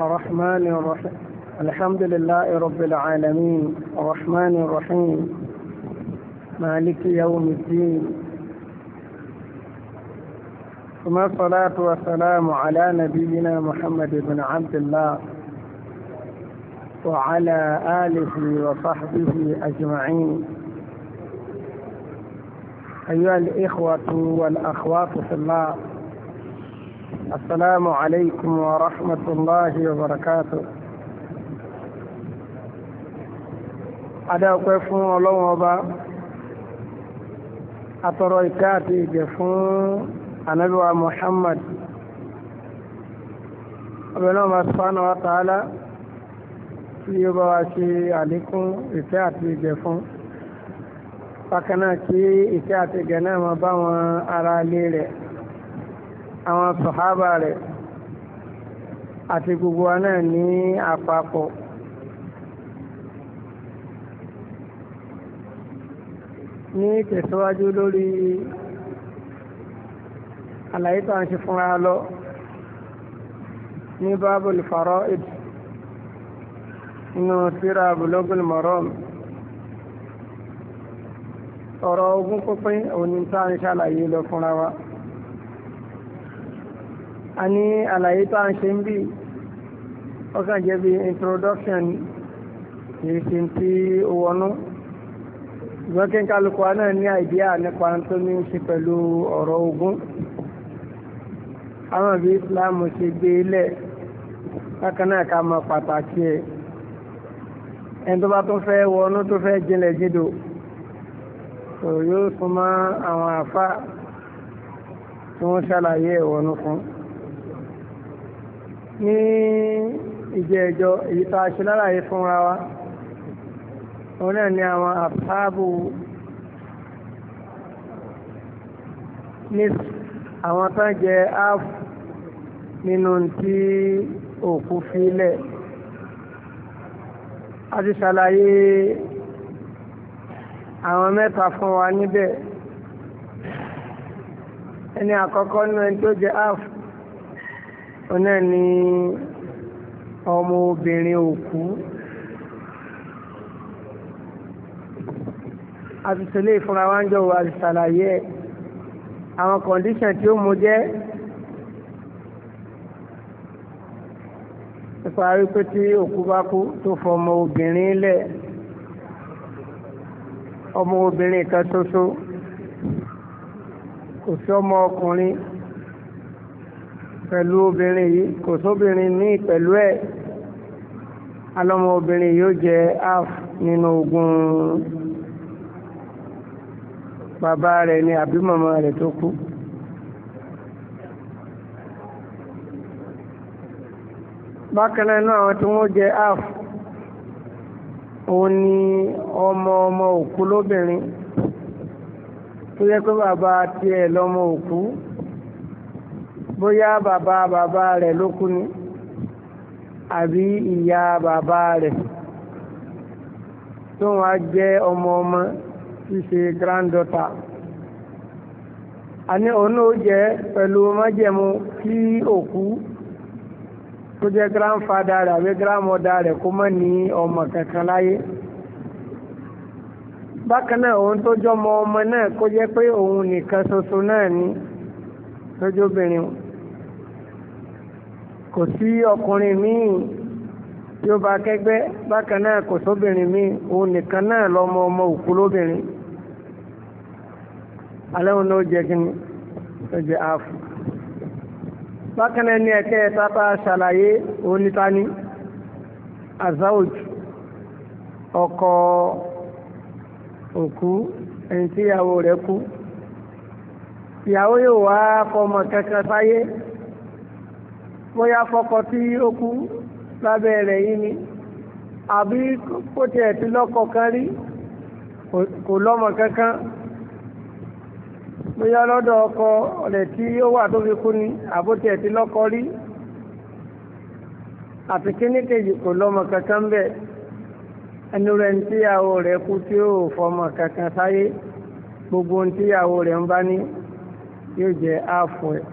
الرحمن الرحيم الحمد لله رب العالمين الرحمن الرحيم مالك يوم الدين ثم الصلاة والسلام على نبينا محمد بن عبد الله وعلى آله وصحبه أجمعين أيها الإخوة والأخوات في الله السلام عليكم ورحمة الله وبركاته adáwọ̀pẹ́ fún ọlọ́run ọba atọ̀rọ̀ ìkẹ́ àti ìgẹ̀ fún anábíwá Muhammad ọbẹ̀ náà máa sọ́nà wa tààlà tí ó bá wá ṣe àlékún ìkẹ́ àti ìgẹ̀ fún bákan náà kí ìkẹ́ àti ìgẹ̀ náà máa bá wọn ará ilé rẹ̀ àwọn sọ̀hábà rẹ̀ àti gbogbo wa náà ní àpapọ̀ ní tẹ̀síwájú lórí àlàyé tó ń ṣe fúnra lọ ní bábùl fara'id nínú síra bulogul maram ọ̀rọ̀ ogún pínpín òní tá ń ṣàlàyé lọ fúnra wa a ní àlàyé tó à ń ṣe ń bí ọkàn jẹ́ bí introduction yìí fi ti wọnú ṣùgbọ́n kí n kálukú wa náà ní àìdíà nípa tó ní ṣe pẹ̀lú ọ̀rọ̀ ogun àwọn ìbí Islam ṣe gbé lẹ̀ bákan náà ká mọ pàtàkì ẹ̀ ẹni tó bá tó fẹ́ wọnú tó fẹ́ jinlẹ̀ jìdò yóò súnmọ́ àwọn àfa tí wọ́n ṣàlàyé ẹ̀wọ̀nú fún un ní ìjẹ́ ẹjọ́ èyí tó aṣọ lálàyé fúnra wa òun náà ni àwọn àfáàbù ní àwọn tó ń jẹ áàfù nínú tí òkú filẹ̀ a ti ṣàlàyé àwọn mẹ́ta fún wa níbẹ̀ ẹni àkọ́kọ́ nínú ẹni tó jẹ áàfù ọ̀nà ni ọmọ obìnrin òkú àtìsílẹ̀ ìfúnra wa ń jọ wà ṣàlàyé ẹ̀ àwọn kọ̀ǹdíṣàn tí ó mú jẹ́ nípa wípé tí òkú bá kú tó fọmọ obìnrin lẹ̀ ọmọ kan ṣoṣo kò sí ọmọ ọkùnrin pẹ̀lú obìnrin yìí kò sóbìnrin ní pẹ̀lú ẹ̀ alọ́mọ obìnrin yóò jẹ half nínú ogún bàbá rẹ̀ ni àbí màmá rẹ̀ tó kú. bákan náà náà àwọn tí wọ́n jẹ half òun ni ọmọ ọmọ òkú lóbìnrin tó yẹ pé bàbá tiẹ̀ lọ́mọ òkú bóyá bàbá bàbá rẹ̀ ló kú ni àbí ìyá bàbá rẹ̀ tó wá jẹ́ ọmọ ọmọ ṣíṣe granddaughter àní òun náà jẹ́ pẹ̀lú májẹ̀mú kí òkú tó jẹ́ grandfather rẹ̀ àbí grandmother rẹ̀ kó mọ̀ ní ọmọ kankan láyé bákan náà òun tó jọmọ ọmọ náà kó jẹ́ pé òun nìkan ṣoṣo náà ni lójóbìnrin kò sí ọkùnrin míì tí ó bá kẹ́gbẹ́ bákan náà kò sóbìnrin míì òun nìkan náà lọ́mọ ọmọ òkú lóbìnrin alẹ́ òun ló jẹ́ kí ni ó jẹ́ àfù bákan náà ní ẹ̀kẹ́ ẹ̀ta bá ṣàlàyé òun níta ní azawj ọkọ òkú ẹni tí ìyàwó rẹ̀ kú ìyàwó yóò wá fọmọ kankan sáyé bóyá fọkọ tí ó kú lábẹ́ rẹ̀ yìí ni àbí kó tiẹ̀ ti lọ́kọ kan rí kò lọ́mọ kankan bóyá lọ́dọ̀ ọkọ rẹ̀ tí ó wà tó fi kú ni àbó tiẹ̀ ti lọ́kọ rí àti kíní kejì kò lọ́mọ kankan bẹ́ẹ̀ ẹnu rẹ̀ ní tíyàwó rẹ̀ kú tí ó fọmọ kankan sáyé gbogbo ohun tíyàwó rẹ̀ ń bá ní yóò jẹ́ àfọ̀ ẹ̀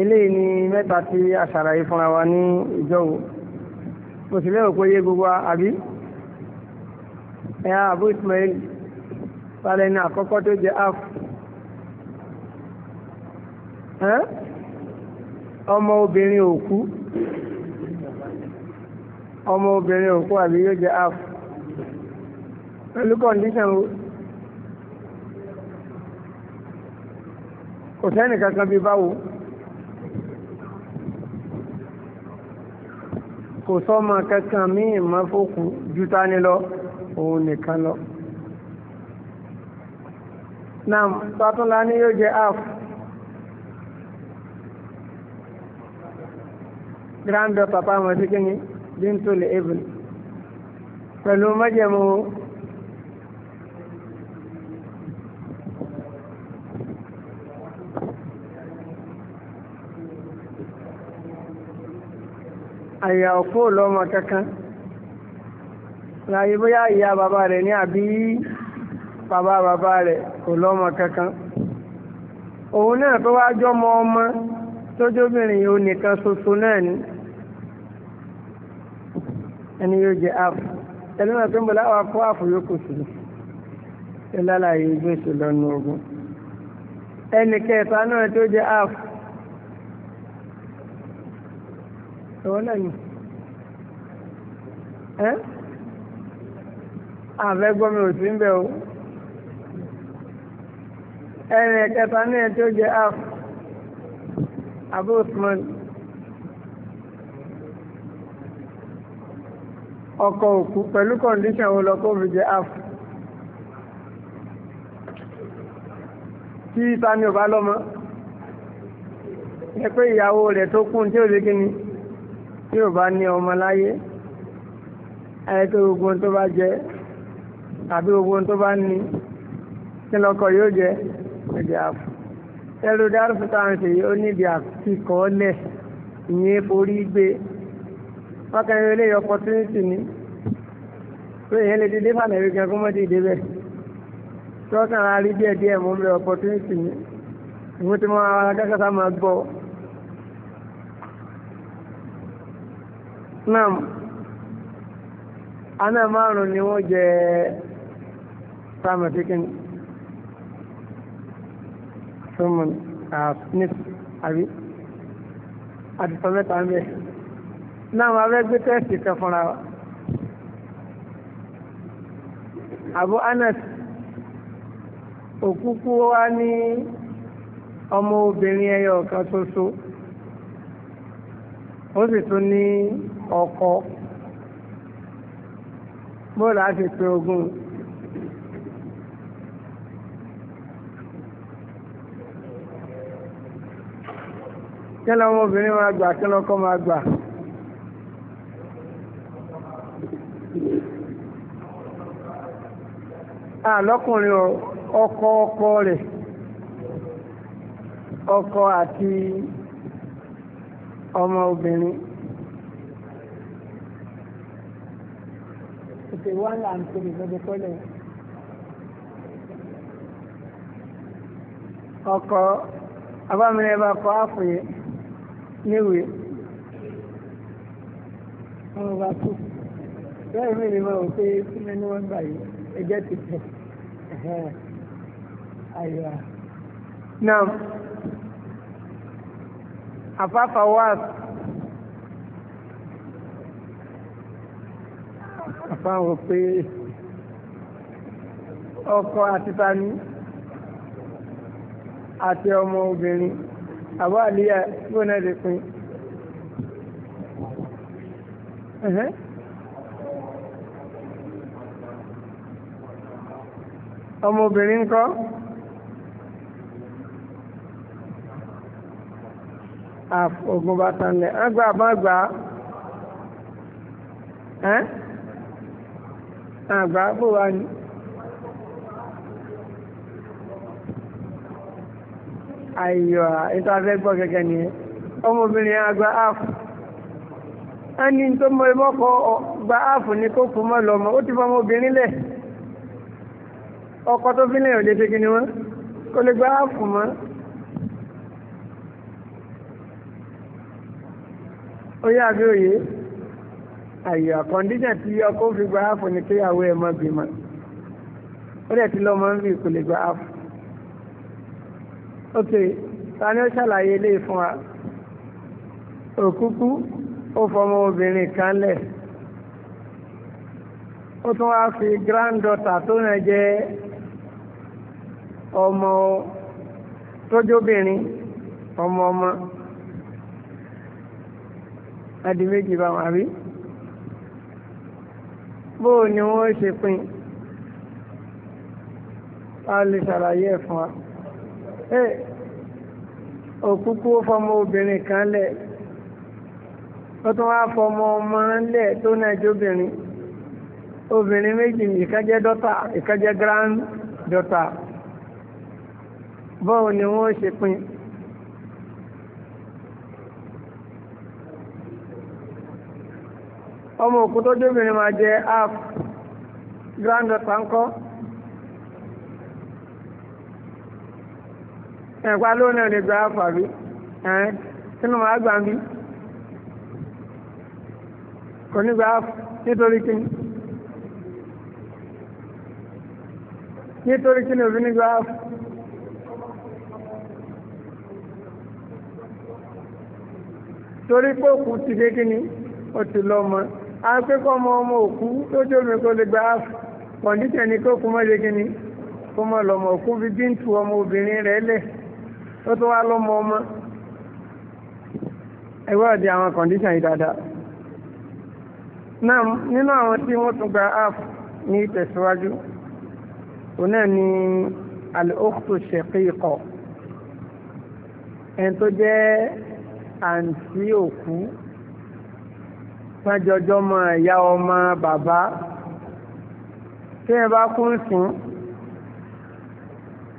eléyìí ni mẹ́ta tí a ṣàlàyé fúnra wa ní ìjọ́wò mo sì lérò pé yé gbogbo àbí ẹ̀yà àbú Ismail balẹ̀ ní àkọ́kọ́ tó jẹ́ af ọmọ obìnrin òkú ọmọ obìnrin òkú àbí yóò jẹ́ af pẹ̀lú kọ̀ǹdíṣàn kò sẹ́nì kankan bí báwo. kò sọ́mọ kankan míì mọ́ fókù ju tání lọ òun nìkan lọ nam sátúnlá ní yóò jẹ half granddaughter pàmò sí kíni bíntúlẹ̀ evelyn pẹ̀lú mọ́jẹ̀mú àyà òkú lọ́mọ kankan láyé bóyá ìyá bàbá rẹ̀ ní àbí bàbá bàbá rẹ̀ kò lọ́mọ kankan òun náà tó wá jọmọ ọmọ tójóbìnrin yìí nìkan ṣoṣo náà ni ẹni yóò jẹ áàpù ẹni náà tó ń bọ̀ láwọn akó áàpù yóò kù sí ẹ lálàyé ogun ẹnì ẹ̀wọ́n náà ni ẹ́ àfẹ́ gbọ́mi ò sí ń bẹ̀ o ẹ̀rìn ẹ̀kẹta ní ẹ̀ tó jẹ́ af abu usman ọkọ̀ òkú pẹ̀lú kọ̀ǹdíṣàn wo lọ́kọ́ fi jẹ́ af tí ìta ni ò bá lọ́mọ ẹ pé ìyàwó rẹ̀ tó kún tí ó lé kí ni tí ò bá ní ọmọ láyé ẹ̀ẹ́tọ́ gbogbo tó bá jẹ tàbí gbogbo tó bá ní tí lọ́kọ̀ yóò jẹ ẹ̀jẹ̀ àpò ẹ̀rù dárúfù táwọn ṣe yìí ó níbi àfikọ́ọ́lẹ̀ ìyẹn forí gbé wákàtí ilé opportunity ni pé èyàn lè dédé fàlẹ̀ rí gan gómọ́dé ìdébẹ̀ tí wọ́n kàn á rí mú mi opportunity ni ìwé tí wọ́n á dákàtà máa gbọ́ náà aná márùn ni wọ́n jẹ sáàmàtíkín súnmùn àfínif àbí àtìsọ mẹ́ta ń bẹ̀ náà wọ́n abẹ́ gbé tẹ́ẹ̀sì kan fúnra wa àbú anas òkúkú wa ní ọmọ obìnrin ẹyọ kan ṣoṣo ó sì tún ní. ọkọ bó láti pe ogún ọmọbìnrin ma máa gbà kí ọkọ máa gbà. àlọ́kùnrin ọkọ ọkọ rẹ̀ ọkọ àti ọmọ obìnrin. pé igual and three lọ́dọ̀ tọ́lẹ̀ ọkọ̀ abámilẹ̀ bá kọ́ àfòyẹ níwèé wọn bá kú bẹ́ẹ̀ mi lè máa wò pé kí ni wọ́n gbà yìí ẹjẹ́ ti tẹ̀ àyà. náà afáfá wáàsì. fáwọn pé ọkọ àti tani àti ọmọ obìnrin àbọ̀ àlíyà gbóná lè pin. ọmọbìnrin kọ́ ogun bá tanlẹ̀ ẹgbẹ́ àbágbà ẹ́. àgbà bò wá ní. àyọ̀ ìtafẹ́ gbọ́ kẹ̀kẹ́ ni ọmọbìnrin àgbà áàfù ẹni tó mọ ìmọ́kọ gba áàfù ní kó kú mọ́ lọ́mọ ó ti fọ ọmọbìnrin lẹ̀ ọkọ tó fi lẹ́yìn ò lè kí ni wọ́n kó lè gba áàfù mọ ó yá òye. àyà kọ̀ǹdíṣà tí ọkọ fi gba áàfù ni kéyàwó ẹ̀ má bímọ ó dẹ̀ ti lọ́mọ ń bí kò lè gba áàfù. ok ta ni ó ṣàlàyé ilé fún wa òkúkú ó fọmọ obìnrin kan lẹ̀ ó tún wá fi granddọ́tà tó náà jẹ́ ọmọ tójóbìnrin ọmọ ọmọ adi méjì báwọn àbí. bóò ni wọ́n ṣe pín a lè ṣàlàyé ẹ̀ fún wa òkúkú fọmọ obìnrin kan lẹ̀ ó tún wá fọmọ ọmọ lẹ̀ tó náà obìnrin obìnrin méjì ìkan jẹ́ dọ́tà ìkan jẹ́ grand dọ́tà bóò ni wọ́n ṣe pín. ọmọ òkú tó débìnrin máa jẹ half grand pankọ ẹ̀pá lónìí ò lè gba half àbí ẹ̀ẹ́n sínú máa gbà ń bí kò ní gba half nítorí kíni nítorí kíni òbí ní gba half. torí pé òkú ti dé kíni ó ti lọ́mọ akẹ́kọ̀ọ́ ọmọ ọmọ òkú tó jómi kó lè gba kọ̀ǹdíṣẹ̀ ní kó kú mọ́ lé kíni kó mọ́ lọ́mọ òkú fi bíntù ọmọ obìnrin rẹ̀ lẹ̀ ó tó wá lọ́mọ ọmọ ẹgbẹ́ ọ̀dẹ àwọn kọ̀ǹdíṣẹ̀ yìí dáadáa náà nínú àwọn tí wọ́n tún gba app ní ìtẹ̀síwájú òun náà ni al-ukhtu shaqiqa ẹni tó jẹ́ àǹtí òkú sájọjọ́ mọ ìyá ọmọ bàbá tí ẹ bá kún sùn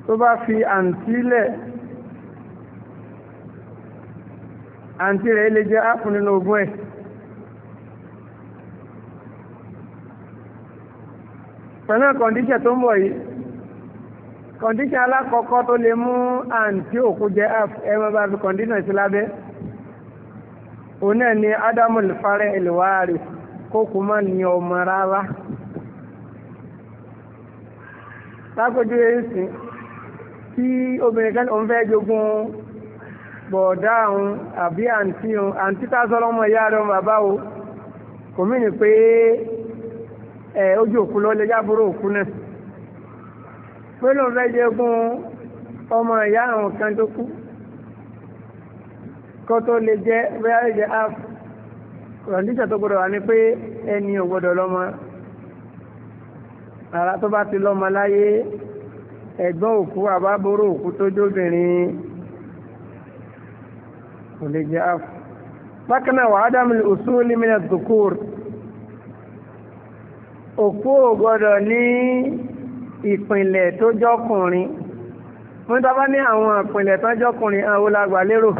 tó bá fi àǹtí lẹ̀ àǹtí rẹ̀ lè jẹ́ áàpù nínú ogún ẹ̀. pẹ̀lú kọ̀ǹdíṣẹ̀ tó ń bọ̀ yìí kọ̀ǹdíṣẹ̀ alákọ̀ọ́kọ́ tó lè mú àǹtí òkú jẹ́ áàpù bá fi kọ̀ǹdíṣẹ̀ sí lábẹ́. òun náà ni fara lùfárẹ́ ìlúwárì kuma kú mọ́ ní ọmọ rárá lápẹjú kan òun fẹ́ jogún àbí àǹtí òun àǹtí tá sọ́lọ́mọ ìyá bàbá o kò mí ní pé ojú òkú lọ jábúrò òkú náà pé lóun fẹ́ ọmọ ìyá àwọn kan kọ́ tó lè jẹ́ bóyá lè jẹ́ app kọ̀ǹdíṣà tó gbọ́dọ̀ wà ní pé ẹni ò gbọ́dọ̀ lọ́mọ ara tó bá ti lọ́mọ láyé ẹ̀gbọ́n òkú àbábóró òkú tó jóbìnrin kò lè jẹ́ app bákan náà wà ádámù usuli min ad òkú ò ní ìpìnlẹ̀ tó jọkùnrin wọ́n tábá ní àwọn ìpìnlẹ̀ tó jọkùnrin àwọn olàgbà lérò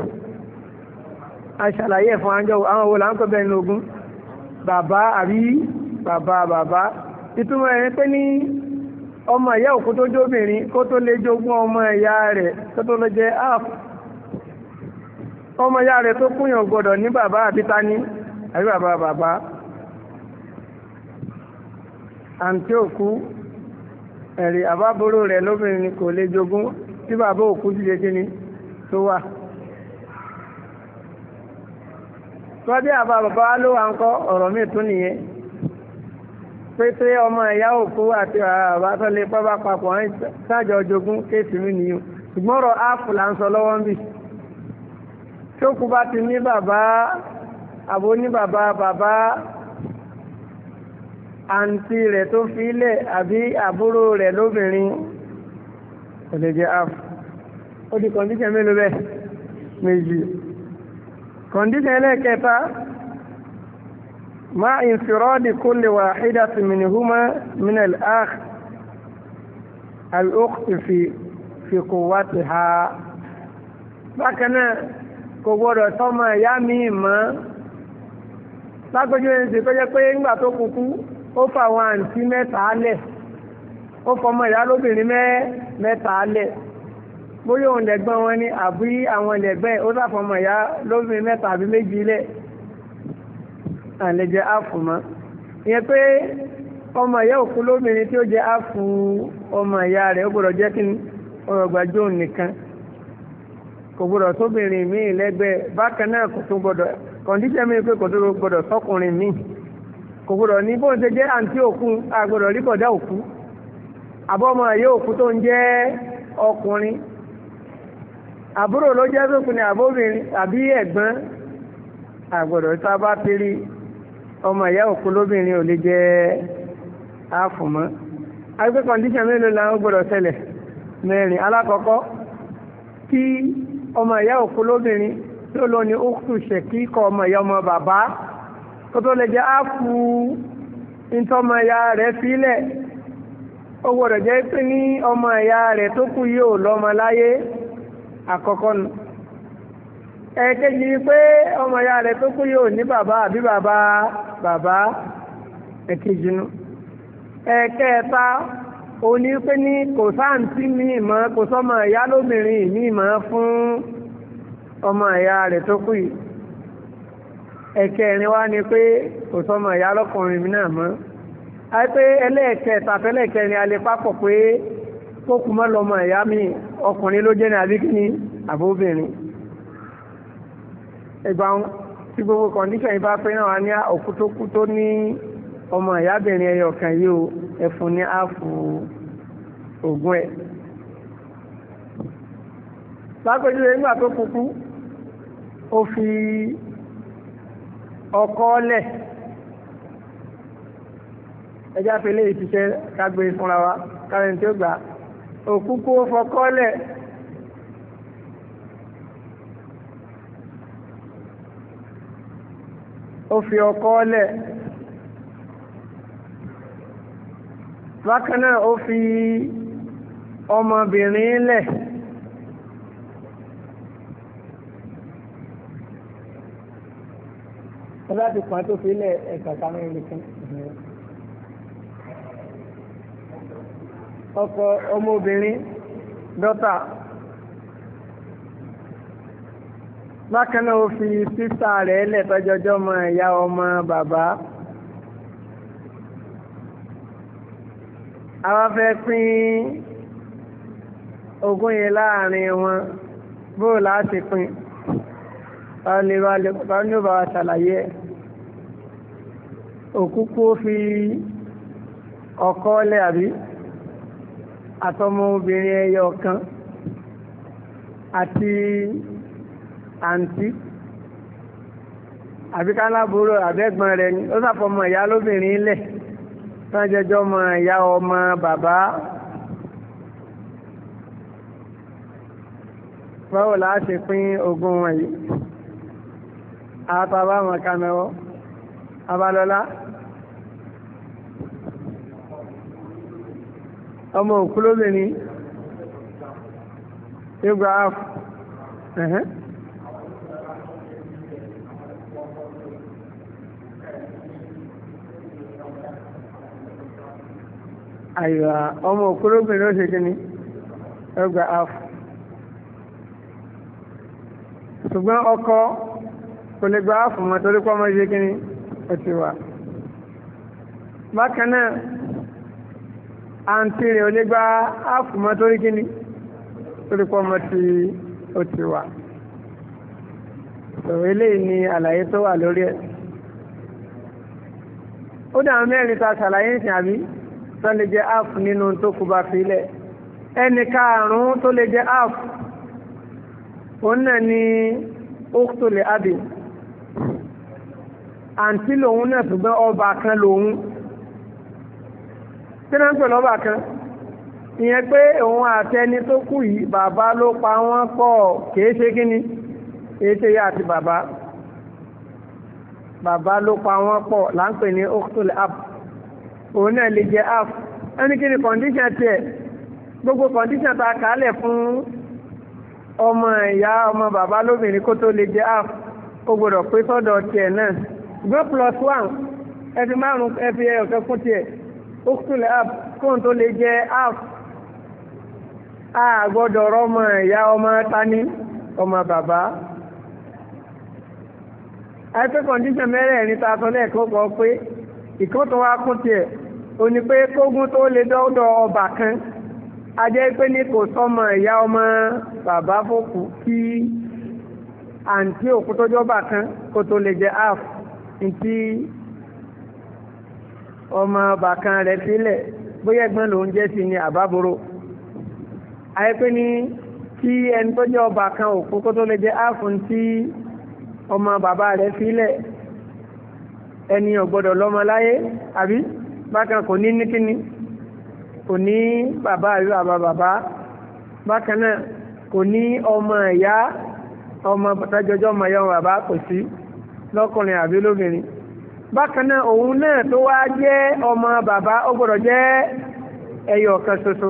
àṣàlàyé ẹ̀fọn àjọ àwọn wo là ń pẹ́ bẹ́ẹ̀ ní ogún bàbá àbí bàbá bàbá ìtumọ̀ ẹ̀ pé ní ọmọ ìyá òkú tó jóbìnrin kó tó lè jogún ọmọ ìyá rẹ̀ tó tó lè jẹ́ half ọmọ ìyá rẹ̀ tó kúnyàn gbọ́dọ̀ ní bàbá àbí tání àbí bàbá bàbá àǹtí òkú ẹ̀rí àbábòrò rẹ̀ lóbìnrin kò lè jogún tí bàbá òkú ti ṣe kí ni tó wà. wọ́n bí àbá bàbá wa ló wà ń kọ́ ọ̀rọ̀ mi tún nìyẹn pété ọmọ ẹ̀yà òkú àti bàbá tó lè pọ́ bá papọ̀ ń sájọ jogún kéèsì mi nìyẹn ṣùgbọ́n ọ̀rọ̀ áàfù là ń sọ lọ́wọ́ ń bì ṣókù bá ti ní bàbá àbò ní bàbá bàbá àǹtí rẹ̀ tó fi lẹ̀ àbí àbúrò rẹ̀ lóbìnrin kò lè ó di kọ̀ǹdíṣẹ̀ mélòó bẹ́ẹ̀ méjì kọ̀ǹdíṣẹ̀ ẹlẹ́ẹ̀kẹta ma infiradi kulli wahidati minhuma min al-akh al-ukht fi fi quwwatiha bákan náà kò gbọ́dọ̀ tọ́mọ ìyá mi mọ́ lágbójú ẹni sì tó jẹ́ pé ńgbà tó kúkú ó fà àwọn àǹtí mẹ́ta lẹ̀ ó fọmọ ìyá lóbìnrin mẹ́ta lẹ̀ bóyá òun lẹ̀gbọ́n wọn ni àbí àwọn lẹ̀gbẹ́ ó sàfọmọ̀ ìyá lóbìnrin mẹ́ta àbí méjì ilẹ̀ àlejò àfùmọ́ ìyẹn pé ọmọ ìyá òkú lóbìnrin tí ó àfù ọmọ ìyá rẹ̀ ó gbọ́dọ̀ jẹ́ kí ọ̀rọ̀ gbàjọ́ nìkan kò gbọ́dọ̀ sóbìnrin míì lẹ́gbẹ̀ẹ́ bákan náà kò tún gbọ́dọ̀ kọ̀ǹdíṣẹ́ mi pé kò tó gbọ́dọ̀ sọ́kùnrin míì kò gbọ́dọ̀ ní bóun ṣe jẹ́ àǹtí òkú àgbọ́dọ̀ rí bọ̀dá òkú àbọ̀mọ̀ ìyá òkú tó ń àbúrò ló jẹ́ sókùn ní àbóbìnrin àbí ẹ̀gbọ́n àgbọ̀dọ̀ tá a bá péré ọmọ ìyá òkú lóbìnrin ò lè jẹ́ àfùmọ́ agbé kọ̀ǹdíṣàn mélòó la ń gbọ́dọ̀ ṣẹlẹ̀ mẹ́rin alákọ̀ọ́kọ́ kí ọmọ ìyá òkú lóbìnrin tí ó lọ ní ókù ṣẹ̀kí kọ ọmọ ìyá ọmọ bàbá kó tó lè jẹ́ àfù ntọ́mọ ìyá rẹ̀ sílẹ̀ ó gbọ́dọ̀ jẹ́ pé ní ọmọ ìyá rẹ̀ tó kú yóò lọ́mọ láyé àkọ́kọ́ nu ẹ̀ẹ́kejì ni pé ọmọ ya rẹ̀ tó kú yóò ní bàbá àbí bàbá bàbá ẹ̀kejì nu ẹ̀ẹ́kẹta òun ni pé ní kò sáǹtì mi ìmọ̀ kò sọ́mọ ìyá lóbìnrin mi ìmọ̀ fún ọmọ ìyá rẹ̀ tó kú yìí ẹ̀kẹrin wá ni pé kò sọ́mọ ìyá lọ́kùnrin mi náà mọ́ àìpé ẹlẹ́ẹ̀kẹta àtẹlẹ́ẹ̀kẹrin alẹ́ papọ̀ pé kókùmọ́ lọ́mọ ìyá mi ọkùnrin ló jẹ́ ní àbíkí ní àbóbìnrin ìgbà tí gbogbo kọ̀ǹdíṣàn yìí bá pé náà wá ní òkú tó ní ọmọ ìyábìnrin ẹyọ kan yìí o ẹfun ní ààfù ògùn ẹ lápẹjú nígbà tó kúkú ó fi ọkọ lẹ̀ ẹjá fi lè ṣiṣẹ́ kágbé fúnra wa kárẹ̀ tí ó gbà á òkúkú fọkọ́lẹ̀ ó fi ọkọ́ lẹ̀ bákan náà ó fi ọmọbìnrin lẹ̀ láti pàtó fi lẹ̀ ẹ̀ka kan ní ìlú kan. ọkọ ọmọbìnrin dọ́tà bákan náà ó fi sísá rẹ̀ lẹ́tọ́jọjọ́ ọmọ ìyá ọmọ bàbá àwa fẹ́ pín ogún yẹn láàrin wọn bó láti pín báwo ni ó bá wa ṣàlàyé ẹ̀ òkú kú ó fi ọkọ́ lẹ́ àbí àtọmọ obìnrin ẹyọ kan àti àǹtí àbíkálábúrò àbẹ́gbọ́n rẹ̀ ni ó sàfọmọ ìyá lóbìnrin lẹ̀ tán jẹjọ́ ọmọ ìyá ọmọ bàbá báwo la ṣe pín ogún wọn yìí àtàbàmọ̀ kanẹwọ́ abalọ́lá ọmọ òkú lóbìnrin ìgbà ẹ̀hẹ́n. àyà ọmọ òkúróbìnrin ó ṣe kí ni ẹgbà af ṣùgbọ́n ọkọ kò lè gba af mọ́ torí pọ́ mọ́ ṣe kí ni ó bákan náà àǹtí rẹ̀ onígbà áàfùmọ́ torí kíni torí pọ́ ọmọ tí ó ti wà sọ̀rọ̀ eléyìí ni àlàyé tó wà lórí ẹ̀ ó dà mẹ́rin ta ṣàlàyé ìsìn àbí tó lè jẹ́ áàf nínú tó kù bá filẹ̀ ẹni karùn-ún tó lè jẹ́ áàf òun náà ni ókútó lè ábì àǹtí lòun náà ṣùgbọ́n ọba kan lòun kí náà ń pè lọ́ba kan ìyẹn pé òun àtẹni tó kù yìí bàbá ló pa wọ́n pọ̀ kìí ṣe kí ni èyí ṣe yá àti bàbá bàbá ló pa wọ́n pọ̀ là ń pè ní octol app òun náà lè jẹ́ app ẹni kí ni condition tiẹ̀ gbogbo condition ta kàálẹ̀ fún ọmọ ìyá ọmọ bàbá lóbìnrin kó tó lè jẹ́ app ó gbọ́dọ̀ pé sọ́dọ̀ tiẹ̀ náà gbọ́ plus one ẹ fi márùn ẹ fi ẹyọ̀kẹ́ fún tiẹ̀ ókùnlẹ̀ app kóhùn tó lè jẹ́ app a gbọ́dọ̀ rọ́mọ ìyá ọmọ tání ọmọ bàbá àìpé kọ̀ǹdíṣàn mẹ́rẹ̀ẹ̀rin ta sọ lẹ́ẹ̀kọ́ kọ pé ìkọ́ tó wá kún tiẹ̀ ò ní pé kógún tó lè dọ́dọ̀ ọba kan a jẹ́ pé ní kò sọmọ ìyá ọmọ bàbá fòkù kí àǹtí òkú tọ́jọ́ bà kan kó tó lè jẹ́ app ntí ọmọ bàkan rẹ̀ sílẹ̀ bóyá ẹ̀gbọ́n ló ń jẹ́ sí ni àbáboro àìpé ní tí ẹni tó jẹ́ ọba kan òkú kó tó lè jẹ́ áàfún tí ọmọ bàbá rẹ̀ sílẹ̀ ẹni ọ̀gbọ́dọ̀ lọ́mọ láyé àbí bákan kò ní níkíní kò ní bàbá àbí bàbá bàbá bákan náà kò ní ọmọ ẹ̀yá ọmọ pàtàkì ọmọ ẹ̀yá ọmọ bàbá kò sí lọ́kùnrin àbí lóbìnrin bákanáà òun náà tó wá jẹ́ ọmọ bàbá ó gbọ́dọ̀ jẹ́ ẹyọ kan ṣoṣo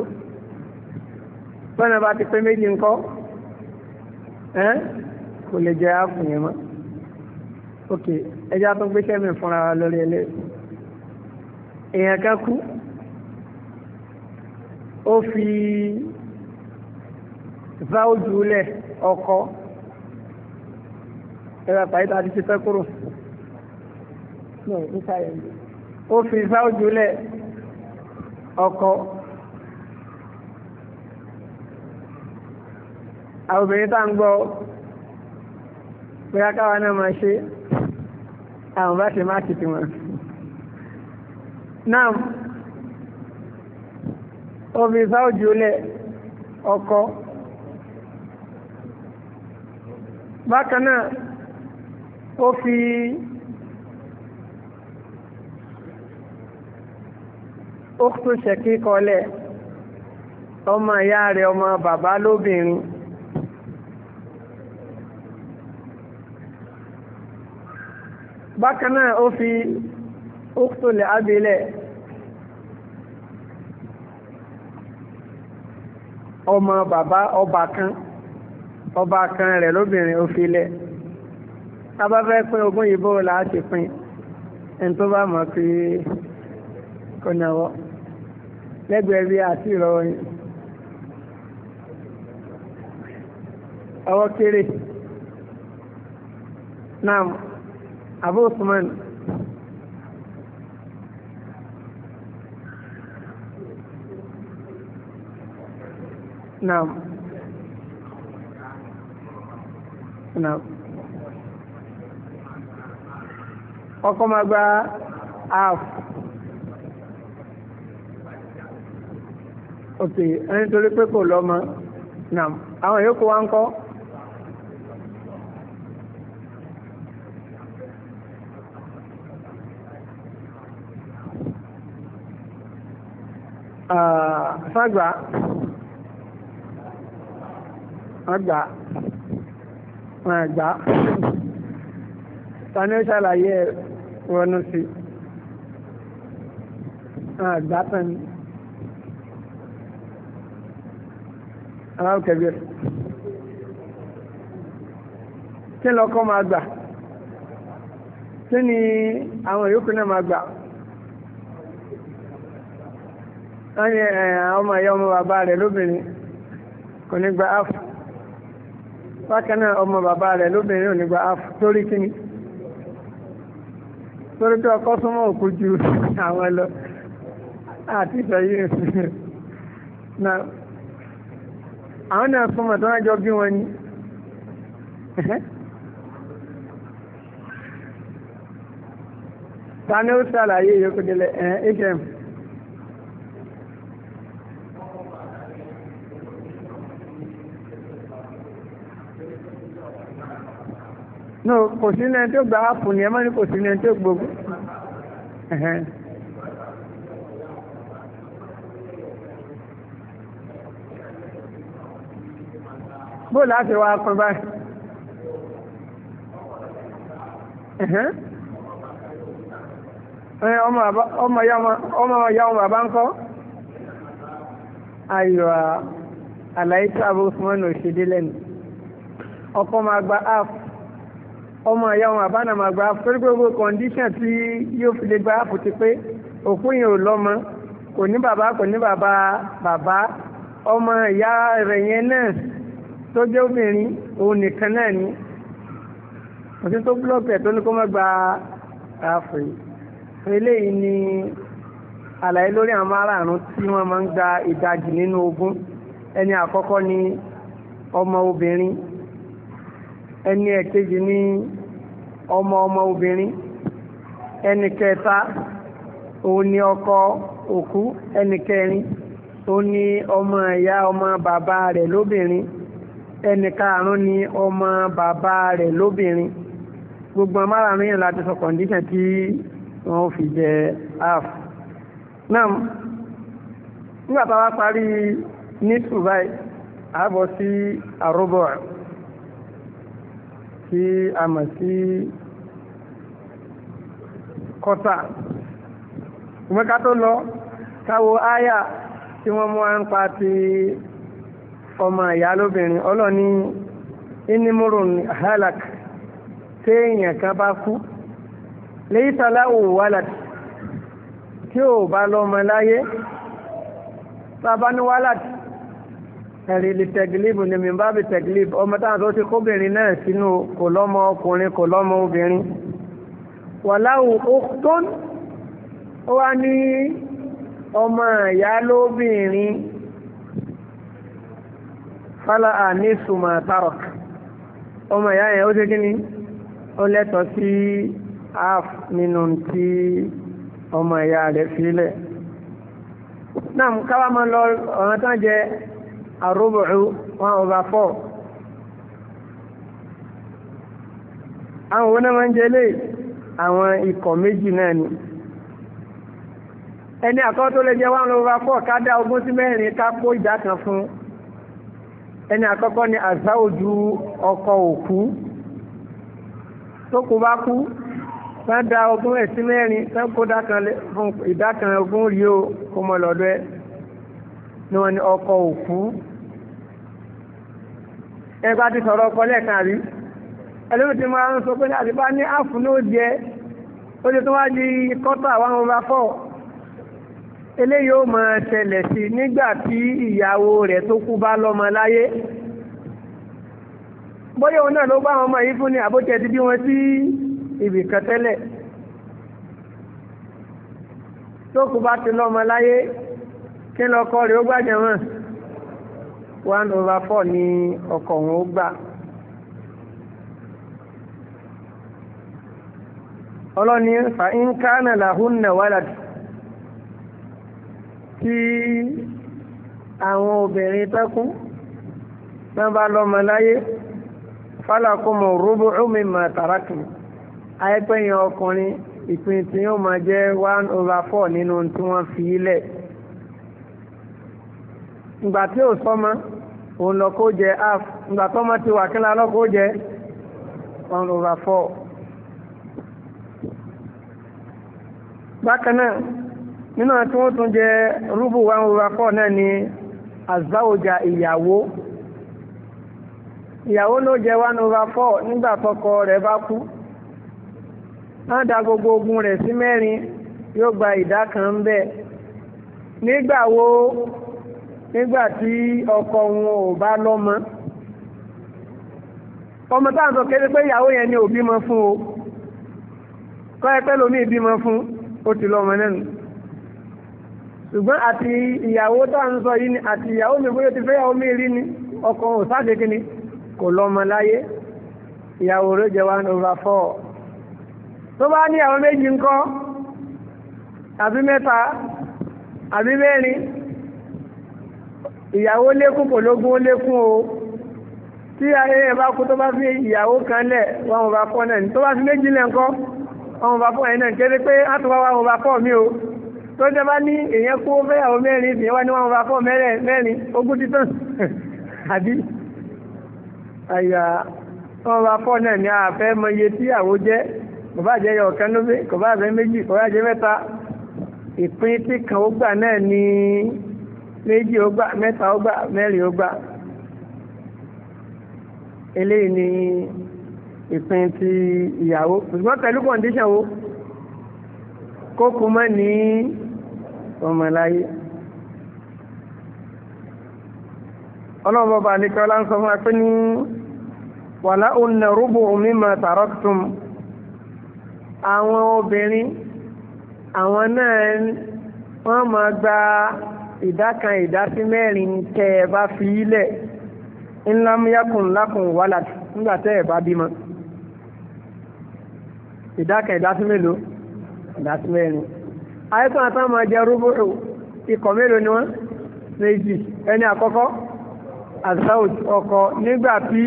bọ́nà bá ti pé méjì ńkọ́ kò lè jẹ́ àkùnrin mọ́ ok ẹja tó gbé sẹ́mi fúnra wa lórí ẹlẹ́ èèyàn kan kú ó fi záwójú lẹ̀ ọkọ ẹ̀rọ àpáyé tá a ti ti fẹ́ kúrò náà nísàlẹ̀ ní ó fi sáwùjúlẹ̀ ọkọ àwọn obìnrin tá ń gbọ́ bóyá káwa náà máa ṣe àwọn bá ṣe máa kìtì wọn náà ó fi sáwùjúlẹ̀ ọkọ bákan náà ó fi ó tún ṣẹ̀kí kọlẹ̀ ọmọ ìyá rẹ̀ ọmọ bàbá lóbìnrin bákan náà ó fi ókútólẹ̀ abẹ́lẹ̀ ọmọ bàbá ọba kan ọba kan rẹ̀ lóbìnrin ó fi lẹ̀ tábà fẹ́ pín ogún yìí bó la ti pín ẹni tó bá mọ̀ pé kò náwó. lẹ́gbẹ̀ẹ́ rí àti ìrọ̀rùn ọwọ́ kéré náà Abu Usman náà ọkọ̀ ok ẹni torí pé kò lọ́mọ náà àwọn yòókù wa ń kọ́. fagba agba wọn agba tani ó ṣàlàyé wọnú sí agba tani. àwọn ah, kẹ̀bí kí lọ́kọ́ máa gbà kí ni àwọn yòókù náà máa gbà wọ́n ní eh, ọmọ ìyá ọmọ bàbá rẹ̀ lóbìnrin kò ní gba áfù bákan náà ọmọ bàbá rẹ̀ lóbìnrin ò ní gba áfù torí kí torí pé ọkọ súnmọ́ àwọn náà súnmọ̀ tó rájọ bí wọn ni ta ni ó ṣàlàyé ìyókù délẹ̀ atm no kò sí ní ẹni tó gba áàpù ni ẹ ní kò sí ní ẹni tó gbogbo. bó láti wá pín báyìí ọmọ ya ọmọ bàbá ń kọ́ ayọ̀ àlàyé tí àbúrò fún ọ̀nà òṣèdè lẹ́nu ọkọ máa gba app ọmọ ìyá ọmọ àbánà máa gba app torí gbogbo condition tí yóò fi lè gba app ti pé òkú yẹn ò lọ́mọ kò ní bàbá kò ní bàbá bàbá ọmọ ìyá rẹ̀ yẹn náà tó jẹ́ obìnrin òun nìkan náà ni òsì tó búlọ́ọ̀kì ẹ̀ tó ní kó má gba àfẹ́ eléyìí ni àlàyé lórí àwọn márààrún tí wọ́n máa ń gba ìdajì nínú ogún ẹni àkọ́kọ́ ni ọmọ obìnrin ẹni ẹ̀kejì ni ọmọ ọmọ obìnrin ẹni kẹta òun ni ọkọ òkú ẹni kẹrin òun ni ọmọ ìyá ọmọ bàbá rẹ̀ lóbìnrin ẹnì karùn-ún ni ọmọ bàbá rẹ̀ lóbìnrin gbogbo márààrún yẹn láti sọ kọ̀ǹdíṣàn tí wọ́n fi jẹ half náà nígbà tá a wá parí ní dubai a bọ̀ sí àrùbọ̀ tí a sí kọ́tà ìmọ̀ká tó lọ káwo áyà tí wọ́n mú ń pa ti ọmọ ìyá lóbìnrin ọlọ́ni inimurun halak téèyàn kan bá kú lẹ́yìn tọ́lá òwúwálàtì tí ò bá lọ́mọ láyé bàbá ní wálàtì ẹ̀rì lè tẹ̀gìlìbù ní mi bá bi tẹ̀gìlìbù ọmọ táwọn tó ti kóbìnrin náà sínú kò lọ́mọ ọkùnrin kò lọ́mọ obìnrin wàláwù ọ̀tún ó wá ní ọmọ ìyá lóbìnrin fálá àníṣùmọ̀ tààrọ̀ ọmọ ìyá yẹn ó ṣe kí ni ó lẹ́tọ̀ọ́ sí half nínú tí ọmọ ìyá rẹ̀ sílẹ̀ náà káwá máa lọ ọ̀ràn tán jẹ àrùbùrù one over four àwọn òun náà máa ń jẹ àwọn ikọ̀ méjì náà ni ẹni àkọ́ tó lè jẹ one over four ká dá ogún sí mẹ́rin ká kó ìdá kan fún ẹni àkọ́kọ́ ni àsáòjú ọkọ òkú tó kú bá kú wọ́n da ogún ẹ̀ sí mẹ́rin tó kó ìdákan ogún rí o kó mọ lọ́dọ̀ ẹ ni wọ́n ni ọkọ òkú ẹgbà ti sọ̀rọ̀ ọkọ lẹ́ẹ̀kan rí ẹlẹ́mi ti máa ń sọ pé láti bá ní àfúnú jẹ ó lè tó wá di kọ́tà one over four eléyìí ó maa ṣẹlẹ̀ sí nígbà tí ìyàwó rẹ̀ tó kú bá lọ́mọ láyé bóyá òun náà ló wọn mọ yìí fún ni àbójẹ ti bí wọn sí ibì kan tó kú ti lọ́mọ láyé kí ni ọkọ rẹ̀ ó wọn ni ọkọ òun ó gbà. ọlọ́ni fa walad. tí àwọn obìnrin tẹ́kún náà bá lọ́mọ láyé fálàkùnmọ̀ rúbù ọmọ màtàràkì àìpẹ́yìn ọkùnrin ìpín tí yóò máa jẹ́ one over four nínú tí wọ́n fi lẹ̀ ìgbà tí ò sọ́mọ́ òun lọ kó jẹ half ìgbà tọ́mọ́ ti wà kí lálọ́ kó jẹ one over four bákan náà nínú àti wọ́n tún jẹ rúbù wa ń rúra pọ̀ náà ni àzáwòjà ìyàwó ìyàwó ló jẹ wá ń rúra pọ̀ nígbà tọkọ rẹ̀ bá kú wọ́n da gbogbo ogun rẹ̀ sí mẹ́rin yóò gba ìdá kan ń bẹ̀ nígbà wo nígbà tí ọkọ wọn ò bá lọ́mọ ọmọ táwọn sọ kéré pé ìyàwó yẹn ni ò bímọ fún o kọ́ ẹ pẹ́ lómi ìbímọ fún ó ti lọ́mọ lẹ́nu ṣùgbọ́n àti ìyàwó tá à ń sọ yìí ni àti ìyàwó mi bóyá ti fẹ́yàwó mi rí ni ọkọ ò sáde kí ni kò lọ́mọ láyé ìyàwó rẹ̀ jẹ́ one over four tó bá ní àwọn méjì ńkọ́ àbí mẹ́ta àbí mẹ́rin ìyàwó lékún kò lógún ó lékún o tí ayẹyẹ bá kú tó bá fi ìyàwó kan lẹ̀ one over four náà tó bá fi méjì lẹ̀ ńkọ́ one over four yẹn náà kéré pé á tó wá one over four mi o tó ń jẹba ní èèyàn kó fẹ́yàwó mẹ́rin ìfìyàn wá ní wọn bá fọ́ mẹ́rin ogún títàn àbí àyà wọn bá fọ́ náà ní àfẹ́ mọ iye tí àwo jẹ́ kò bá jẹ́ ọ̀kan ló fẹ́ kò bá jẹ́ méjì kò bá jẹ́ mẹ́ta ìpín tí kan ó gbà náà ní méjì ó gbà mẹ́ta ó gbà mẹ́rin ó gbà eléyìí ni ìpín ti ìyàwó ṣùgbọ́n pẹ̀lú kọ̀ǹdíṣàn wo kó kú mọ́ ní. ọmọláyé ọlọ́mọba àlekọ́lá ń sọ fún wa pé ní wàlá ònà rúbù mímọ tàrọ́tùm àwọn obìnrin àwọn náà wọ́n ma gba ìdá ìdásí mẹ́rin tẹ́ ẹ bá fi ilẹ̀ ńlá múyákùn lákùn wàlà nígbà tẹ́ ẹ bá bímọ ìdá kan ìdá mélòó ìdá mẹ́rin. àyẹ́tọ́ àtàwọn máa jẹ rúbùrù ikọ̀ mélòó ni wọ́n méjì ẹni àkọ́kọ́ azaut ọkọ nígbà tí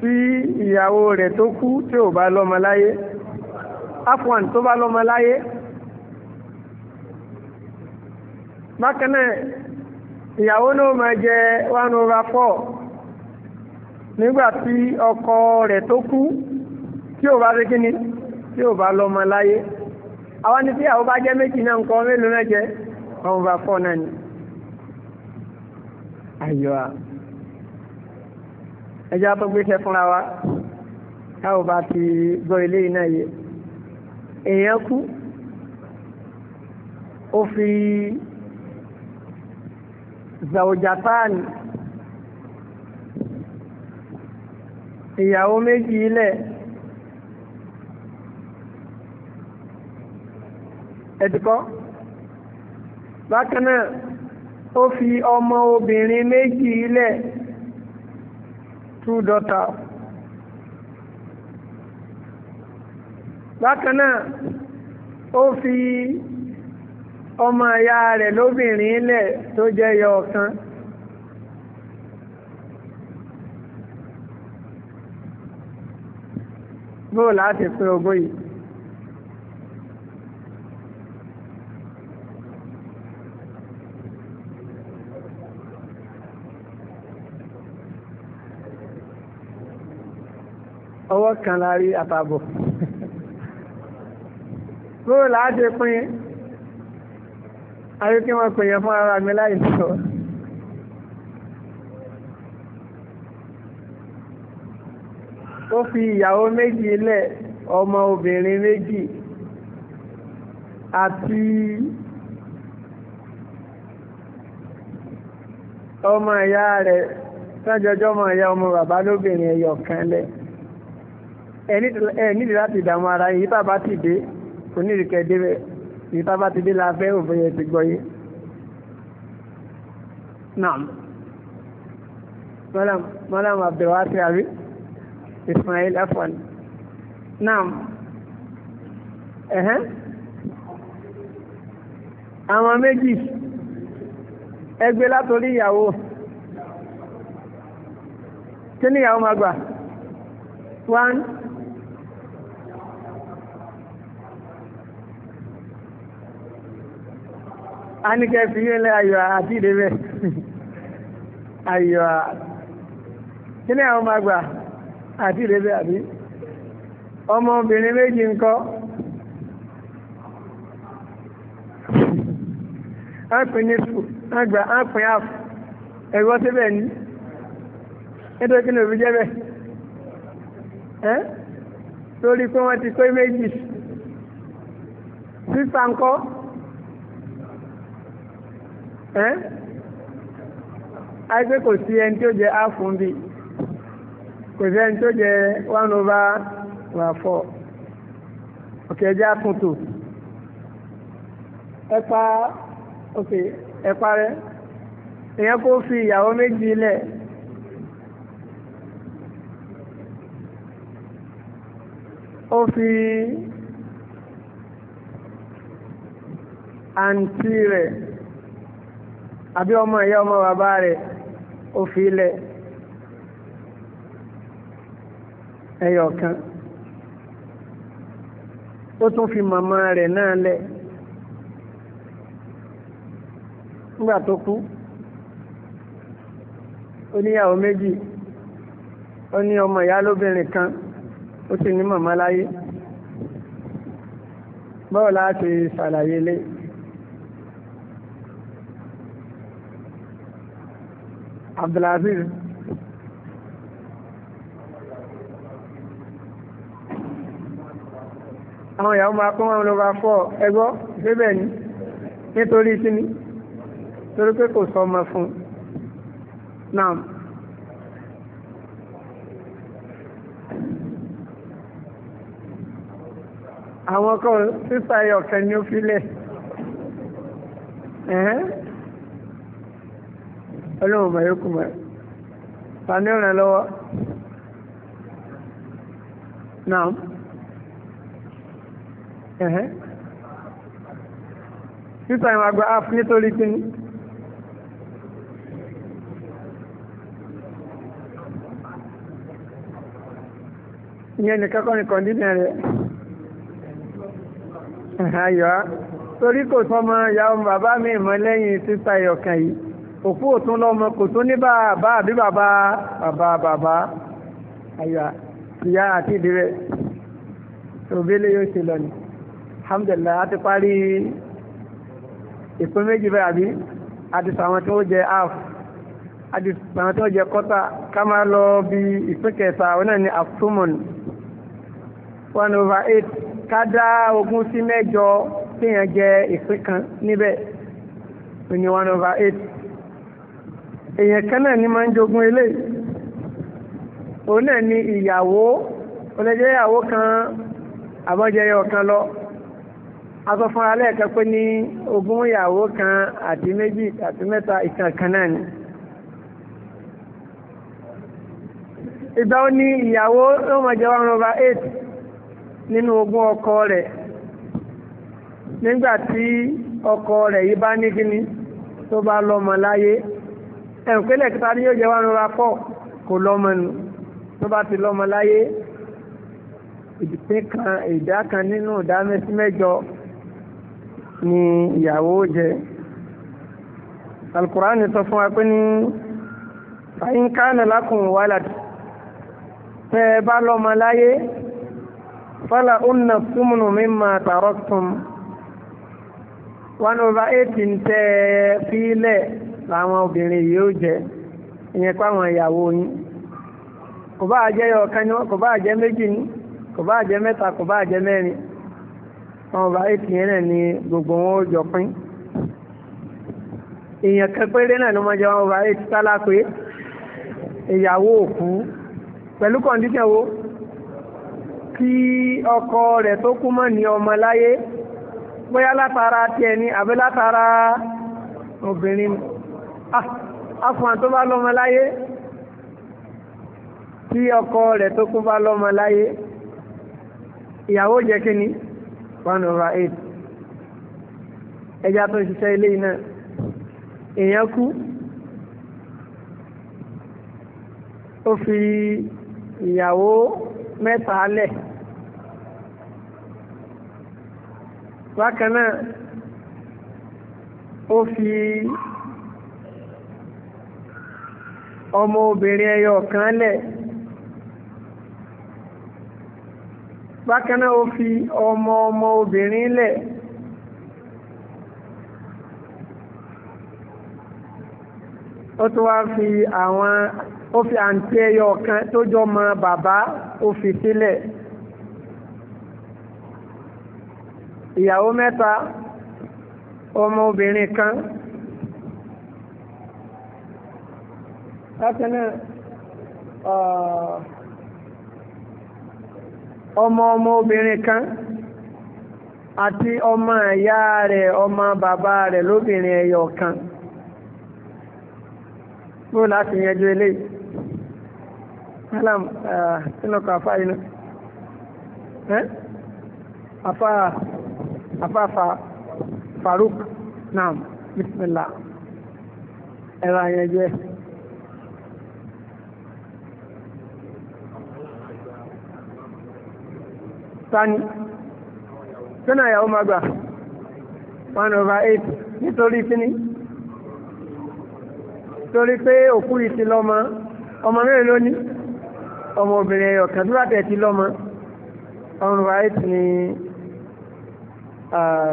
tí ìyàwó rẹ̀ tó kú tí ò bá lọ́mọ láyé afwan tó bá lọ́mọ láyé bákan náà ìyàwó náà máa jẹ one over four nígbà tí ọkọ rẹ̀ tó kú tí ò bá rí kíni tí ò bá lọ́mọ láyé àwọn ní tí àwọn bá jẹ́ méjì náà nǹkan mélòó náà jẹ́ one over náà ni àyọ̀wà ẹjá tó gbéṣẹ́ fúnra wa táwọn bá ti gbọ́ ilé iná yẹ èèyàn kú ó fi zàwòjàtáàni ìyàwó méjì ilẹ̀ ẹ̀dùkọ́ bákan náà ó fi ọmọ obìnrin méjì ilẹ̀ two daughters bákan náà ó fi ọmọ ìyá rẹ̀ lóbìnrin ilẹ̀ tó jẹ́ yọ ọ̀kan. bóò láti pín ogún yìí ọwọ́ kan láàrí àtàbọ̀ bóò láti pín ayé kí wọ́n pèèyàn fún ara mi láì sọ ó fi ìyàwó méjì lẹ̀ ọmọ obìnrin méjì àti ọmọ ìyá rẹ̀ tọ́jọjọ́ ọmọ ìyá ọmọ bàbá lóbìnrin ẹyọ kan lẹ̀ ẹ nídìí láti dààmú ara yìí tá a bá ti dé kò ní ìrìkẹ́ débẹ̀ yìí tá a bá ti dé la fẹ́ òfin yẹn ti gbọ́ yé. naam malam malam abdulwasi abi ismail afwan naam ẹ̀hẹ́n àwọn méjì ẹgbẹ́ látòrí ìyàwó kí ni ìyàwó máa gbà one. a ní kẹ́ fi yẹn lẹ́ ayọ̀ àti ìdẹ́bẹ̀ ayọ̀ kí ni àwọn máa gbà àti ìdẹ́bẹ̀ àbí ọmọbìnrin méjì ń kọ́ ápìn ní sùn àgbà ápìn àp ẹ̀rọ síbẹ̀ ní nítorí kí ni òbí jẹ́ bẹ́ẹ̀ ẹ́ lórí pé wọ́n ti pé méjì sísà ń kọ́ ẹ́ àìpé kò sí ẹni tó jẹ áàfún bí kò sí ẹni tó jẹ one over wà four ọ̀kẹ́ ẹjẹ́ àkùntò ẹpa ok ẹpa rẹ èèyàn kó fi ìyàwó méjì lẹ̀ ó fi àǹtí rẹ̀ àbí ọmọ ìyá ọmọ bàbá rẹ̀ ó fi ilẹ̀ ẹyọ kan ó tún fi màmá rẹ̀ náà lẹ̀ nígbà tó kú ó níyàwó méjì ó ní ọmọ ìyá lóbìnrin kan ó sì ní màmá láyé báwo la ti ṣàlàyé lé. Abdulaziz àwọn ìyàwó máa kọ́ wọn lọ́ba fọ́ ẹgbọ́ débẹ̀ ni nítorí kíni torí pé kò sọ ọmọ fún un náà. àwọn kan sísá ẹyọ kan ní ó filẹ̀ ọlọ́run mọ̀ yókù mọ̀ tani ràn lọ́wọ́ náà ẹ̀hẹ́ títà ìwọ̀n àgbà áàfù nítorí kí ni ìyẹn nìkan kọ́ ni kọ̀ndínà rẹ̀ ẹ̀hẹ́ ayọ̀ torí kò sọ́mọ ìyàwó bàbá mi mọ́ lẹ́yìn títà ìyọ̀kan yìí òkú òtún lọ́mọ kò tún ní bàbá àbí bàbá bàbá bàbá àyà ìyá àti ìdílé òbílẹ̀ yóò ṣe lọ́nà alhamdulillah a ti parí ìpín méjì bẹ́ẹ̀ àbí a ti sàwọn tó jẹ half a ti sàwọn tó jẹ quarter ká máa lọ bí ìpín kẹta ọ̀nà ní aftumon one over eight ká dá ogún sí mẹ́jọ téèyàn jẹ ìpín kan níbẹ̀ ní one over eight. èèyàn kan náà ni máa ń jogun ilé òun náà ni ìyàwó olójẹ́ ìyàwó kan àbọ̀jẹyọ kan lọ aṣọ fún alẹ́ kan pé ní ogún ìyàwó kan àti méjì àti mẹ́ta ìkan kan náà ni. ìgbà ó ni ìyàwó ló máa jẹ one over eight nínú ogún ọkọ rẹ nígbà tí ọkọ rẹ̀ yìí bá ní kíní tó bá lọ́mọ láyé. ẹ̀ǹpẹ́lẹ̀ kíta ní yóò jẹ́ wá rọra pọ̀ kò lọ́mọ nù tó bá ti lọ́mọ láyé ìdá kan nínú ìdá mẹ́sí mẹ́jọ ni ìyàwó jẹ alukur'an sọ fún wa pé ní fàyín kánà lákùn wàlàdì tẹ́ ẹ bá lọ́mọ láyé fọ́là ọ̀nà súnmùnù mímọ̀ tààrọ́ tún one ń tẹ́ fílẹ̀ làwọn obìnrin yìí ó jẹ́ ìyẹn páwọn ìyàwó yín kò bá jẹ́ ọ̀kan ni wọ́n kò bá jẹ́ méjì ni kò bá jẹ́ mẹ́ta kò bá jẹ́ mẹ́rin wọn bá ètì yẹn náà ni gbogbo wọn ó jọ pín èèyàn kan péré náà ló mọjọ wọn bá ètì tálá pé ìyàwó òkú pẹ̀lú kọ̀ǹdíṣàn wo kí ọkọ rẹ̀ tó kú mọ́ ní ọmọ láyé bóyá látara tiẹ̀ ni àbí látara obìnrin afọ̀n ah, tó bá lọ́mọ láyé tí ọkọ rẹ̀ tó kú bá lọ́mọ láyé ìyàwó jẹ́ kí ni one over eight ẹja tó ń ṣiṣẹ́ ilé iná èèyàn kú ó fi ìyàwó mẹ́ta lẹ̀ bákan ó fi ọmọ obìnrin ẹyọ kan lẹ̀ bákan ó fi ọmọ ọmọ obìnrin lẹ̀ ó tó wá fi àwọn ó fi àǹtí ẹyọ kan tó jọ mọ bàbá ó fi sílẹ̀ ìyàwó mẹ́ta ọmọ obìnrin kan. bákan ọmọ ọmọ obìnrin kan àti ọmọ ìyá rẹ̀ ọmọ bàbá rẹ̀ lóbìnrin ẹyọ kan bó láti yanjú eléyìí alam sínú kan afá iná afá afá faruk naam bismillah ẹ̀rọ àyànjẹ́. tani tọ́nà ìyàwó máa gbà one over eight nítorí kíní torí pé òkú yìí ti lọ́mọ ọmọ mẹ́rin ló ní ọmọbìnrin ẹ̀yọ̀ kan tó bá tẹ̀ ti lọ́mọ one over eight ni ah,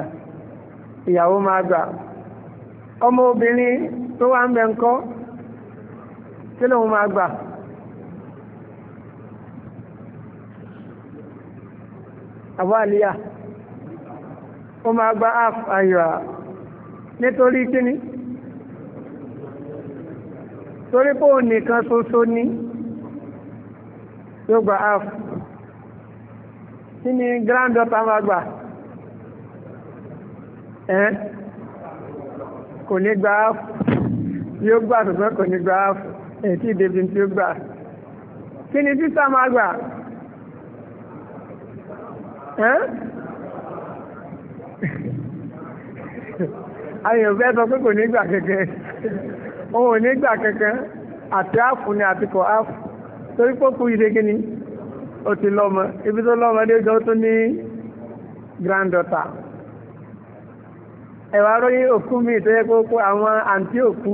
ìyàwó máa gbà ọmọ obìnrin tó wà ń bẹ ńkọ́ kí lóun máa gbà. àbáàlíyà ó máa gba half àyà nítorí kíní torí pé òun nìkan ṣoṣo ní yóò gba half kí ni granddaughter máa gbà ẹ́ kò ní gba half yóò gbà ṣùgbọ́n kò ní gba half èyí tí ìdèbí tí ó gbà kí ni máa gbà. ayò fẹ́ sọ pé kò ní gbà kẹ̀kẹ́ òun ò ní gbà kẹ̀kẹ́ àti áàfù ni àti kò áàfù torí pé kú ni ó ti lọ́mọ ibi tó lọ́mọ dé jọ tó ní granddaughter ẹ̀wà ròyìn òkú mi tó yẹ kó kó àwọn àǹtí òkú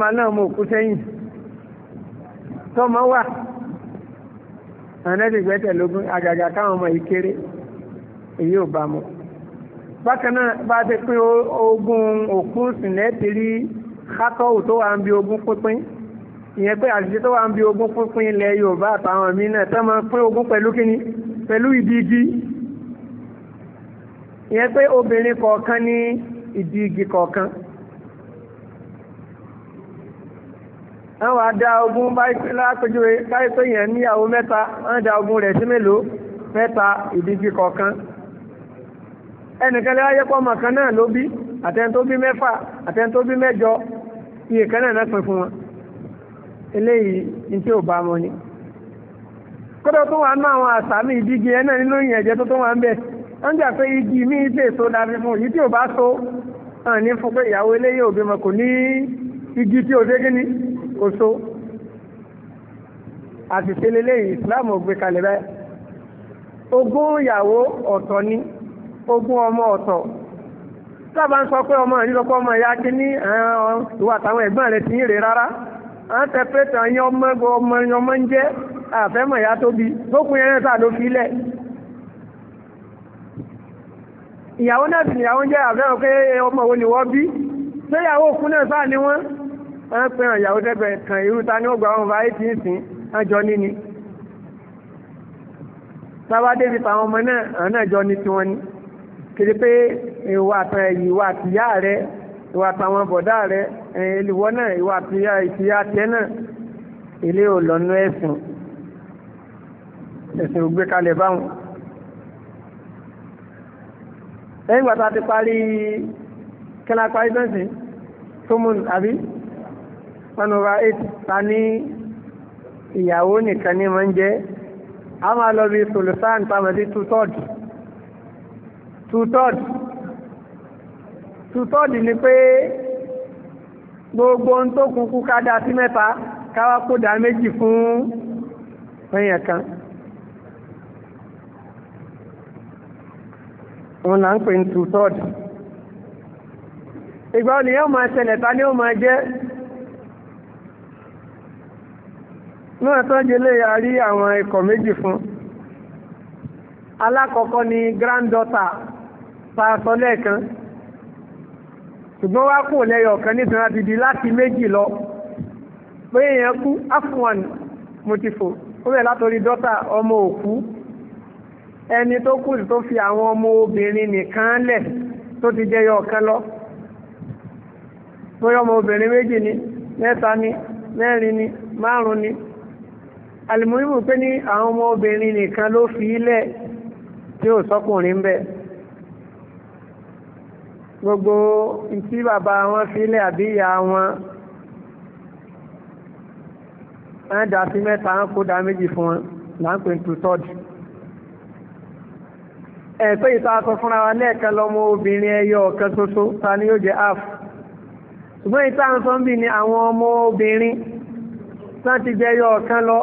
mọ òkú sẹ́yìn tọ́mọ ànẹ́dì gbẹ́tẹ̀lógún àgàgà káwọn ọmọ ìkéré èyí ò bá mu bákan náà bá ti pín ogún òkú sìnẹ́ẹ̀tì rí kákọ́wù tó wà ń bi ogún pínpín ìyẹn pé àṣìṣe tó wà ń bi ogún pínpín ilẹ̀ Yorùbá àtàwọn míì náà tó máa pín ogún pẹ̀lú kíni pẹ̀lú ìdí igi ìyẹn pé obìnrin kọ̀ọ̀kan ní ìdí igi kọ̀ọ̀kan wọ́n wá dá ogún lápẹjúwe báyìí pé yẹn níyàwó mẹ́ta wọ́n dá ogún rẹ̀ sí mélòó mẹ́ta ìdíjì kọ̀ọ̀kan ẹnìkan lẹ́wọ́ yẹ́pọ̀ mọ̀kan náà ló bí àtẹni tó bí mẹ́fà àtẹni tó bí mẹ́jọ iye kan náà na pín fún wọn eléyìí ní tí ò bá mọ ni kódà tó wà nù àwọn àsàmì ìdíje ẹ náà nínú ìyẹn ẹ̀jẹ̀ tó tó wà ń jà pé so fún yìí tí ò bá so hàn ní fún pé ìyàwó eléyìí òbí ṣoṣo àṣìṣe lélẹ́yìn islam ò gbé kalẹ̀ bẹ́ẹ̀ ogún ìyàwó ọ̀tọ̀ ni ogún ọmọ ọ̀tọ̀ sábà ń sọ pé ọmọ yìí lọ́pọ̀ ọmọ ìyá kí ní ìwà àtàwọn ẹ̀gbọ́n rẹ̀ ti ń rè rárá à ń tẹpẹ́tà yan ọmọ ẹgbẹ́ ọmọ yan ọmọ ń jẹ́ àfẹ́mọ̀ ìyá tóbi tó kún yẹn sáà ló fi lẹ̀ ìyàwó náà sì níyàwó ń jẹ́ àfẹ́mọ̀ pé ọmọ wo ni wọ́n bí ṣé ìyàwó òkú náà sáà ni wọ́n wọ́n fẹ́ràn ìyàwó tẹ́gbẹ̀ẹ́ kan irú ní ọgbà wọn báyìí ti ń sìn ájọ níní sábà débi táwọn ọmọ náà àwọn náà jọ ní ni kiri pé ìwà àtàn ẹ̀yìn ìwà àtìyá rẹ ìwà àtàwọn bọ̀dá rẹ ìlúwọ́ náà ìwà àtìyá ìtìyá tiẹ̀ náà ilé ò lọ́nú ẹ̀sìn ẹ̀sìn ò gbé kalẹ̀ báwọn. lẹ́yìn gbàtà ti parí kí la parí bẹ́ẹ̀ sí tó mú àbí one itani eight ta ní ìyàwó nìkan ní máa ń jẹ́ a máa lọ bí solusan pàmẹ́sí two third two third two third ni pé gbogbo ohun tó kúkú ká dá sí mẹ́ta káwá kó dá méjì fún èèyàn kan wọn là ń pè ní two ìgbà òní yóò máa ṣẹlẹ̀ ni yóò máa jẹ́ náà tọ́jú lè rí àwọn ikọ̀ méjì fún alákọ̀ọ́kọ́ ni grandota pàṣọ lẹ́ẹ̀kan ṣùgbọ́n wá kò lẹ́yọ̀ ọ̀kan nítorí láti di láti méjì lọ pé èèyàn kú afwan mutifo ti fò ó bẹ̀ látòrí dọ́tà ọmọ òkú ẹni tó kù tó fi àwọn ọmọ obìnrin nìkan lẹ̀ tó ti jẹyọ ọ̀kan lọ ọmọ obìnrin méjì ni mẹ́ta ni mẹ́rin ni márùn ni alìmúhìmù pé ní àwọn ọmọ obìnrin nìkan ló fi ilẹ̀ tí ò sọ́kùnrin bẹ́ẹ̀ gbogbo tí bàbá wọn fi ilẹ̀ àbí ìyá wọn wọ́n dà sí mẹ́ta wọ́n kó dá méjì fún wọn là ń pè ní tutọ́dù ẹ̀tọ́ ìta akọ fúnra wa lẹ́ẹ̀kan lọ́mọ obìnrin ẹyọ ọ̀kan ṣoṣo ta ni yóò jẹ́ half ṣùgbọ́n ìta ń bì ní àwọn ọmọ obìnrin láti jẹ́ ẹyọ ọ̀kan lọ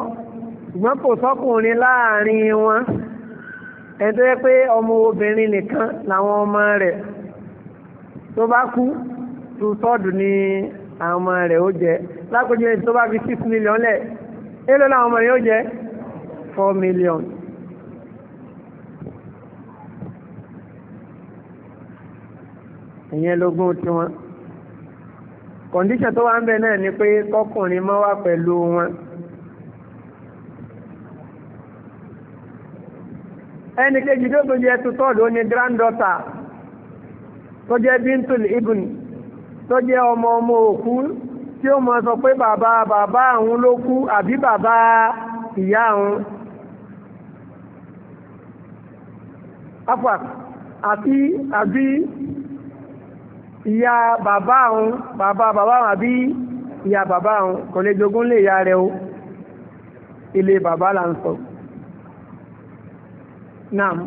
ṣùgbọ́n kò sọ́kùnrin láàrin wọn ẹni yẹ pé ọmọ obìnrin nìkan làwọn ọmọ rẹ̀ tó bá kú tó sọ́ọ̀dù ni àwọn ọmọ rẹ̀ ó jẹ́ tó bá fi six million lẹ̀ èló làwọn ọmọ rẹ̀ ó jẹ́ four million. ìyẹn lógún tiwọn kọ̀ǹdíṣàn tó ń bẹ náà ẹni kejì tó tó jẹ́ tutọ́ọ̀dù ní granddaughter tó jẹ́ bintul ibn tó jẹ́ ọmọ ọmọ òkú tí ó mọ sọ pé bàbá bàbá àwọn ló kú àbí bàbá ìyá àwọn afa àti àbí ìyá bàbá àwọn bàbá bàbá àwọn àbí ìyá bàbá àwọn kò lè jogún lè ya rẹ o ilé bàbá là ń sọ. So naam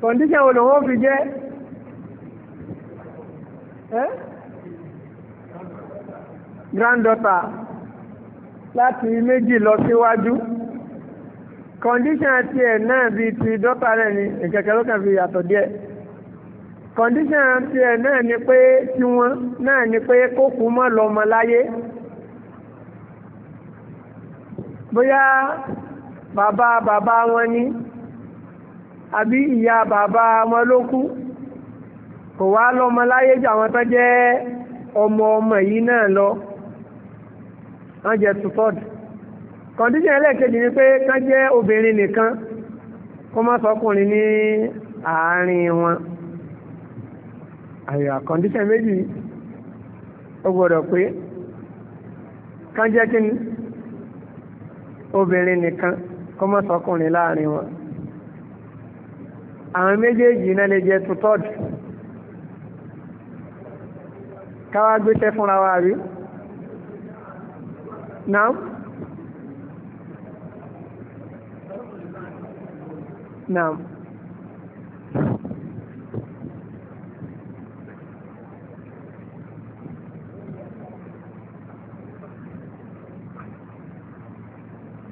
kọ̀ǹdíṣẹ̀ wo lòun ó fi jẹ́ eh? granddaughter láti méjì lọ síwájú Condition tiẹ̀ náà bíi ti dọ́tà rẹ̀ ni ìkẹ̀kẹ̀ ló kàn fi yàtọ̀ díẹ̀ kọ̀ǹdíṣàn tiẹ̀ náà ni pé tiwọn náà ni pé kókù mọ́ lọ́mọ láyé bóyá bàbá bàbá wọn ní àbí ìyá bàbá ọmọ ló kú kò wá lọ́mọ láyé jù àwọn tó jẹ́ ọmọ ọmọ yìí náà lọ wọ́n jẹ́ tùfọ́dù kọ̀ǹdíṣẹ̀ ẹlẹ́ẹ̀kejì ni pé kán jẹ́ obìnrin nìkan kó má sọkùnrin ní àárín wọn àyà kọ̀ǹdíṣẹ̀ méjì ó gbọ́dọ̀ pé kán jẹ́ kí obìnrin nìkan kó má sọkùnrin láàárín wọn. àwọn méjèèjì náà lè jẹ́ tutọ́dù káwá gbéṣẹ́ fúnra wa rí náà náà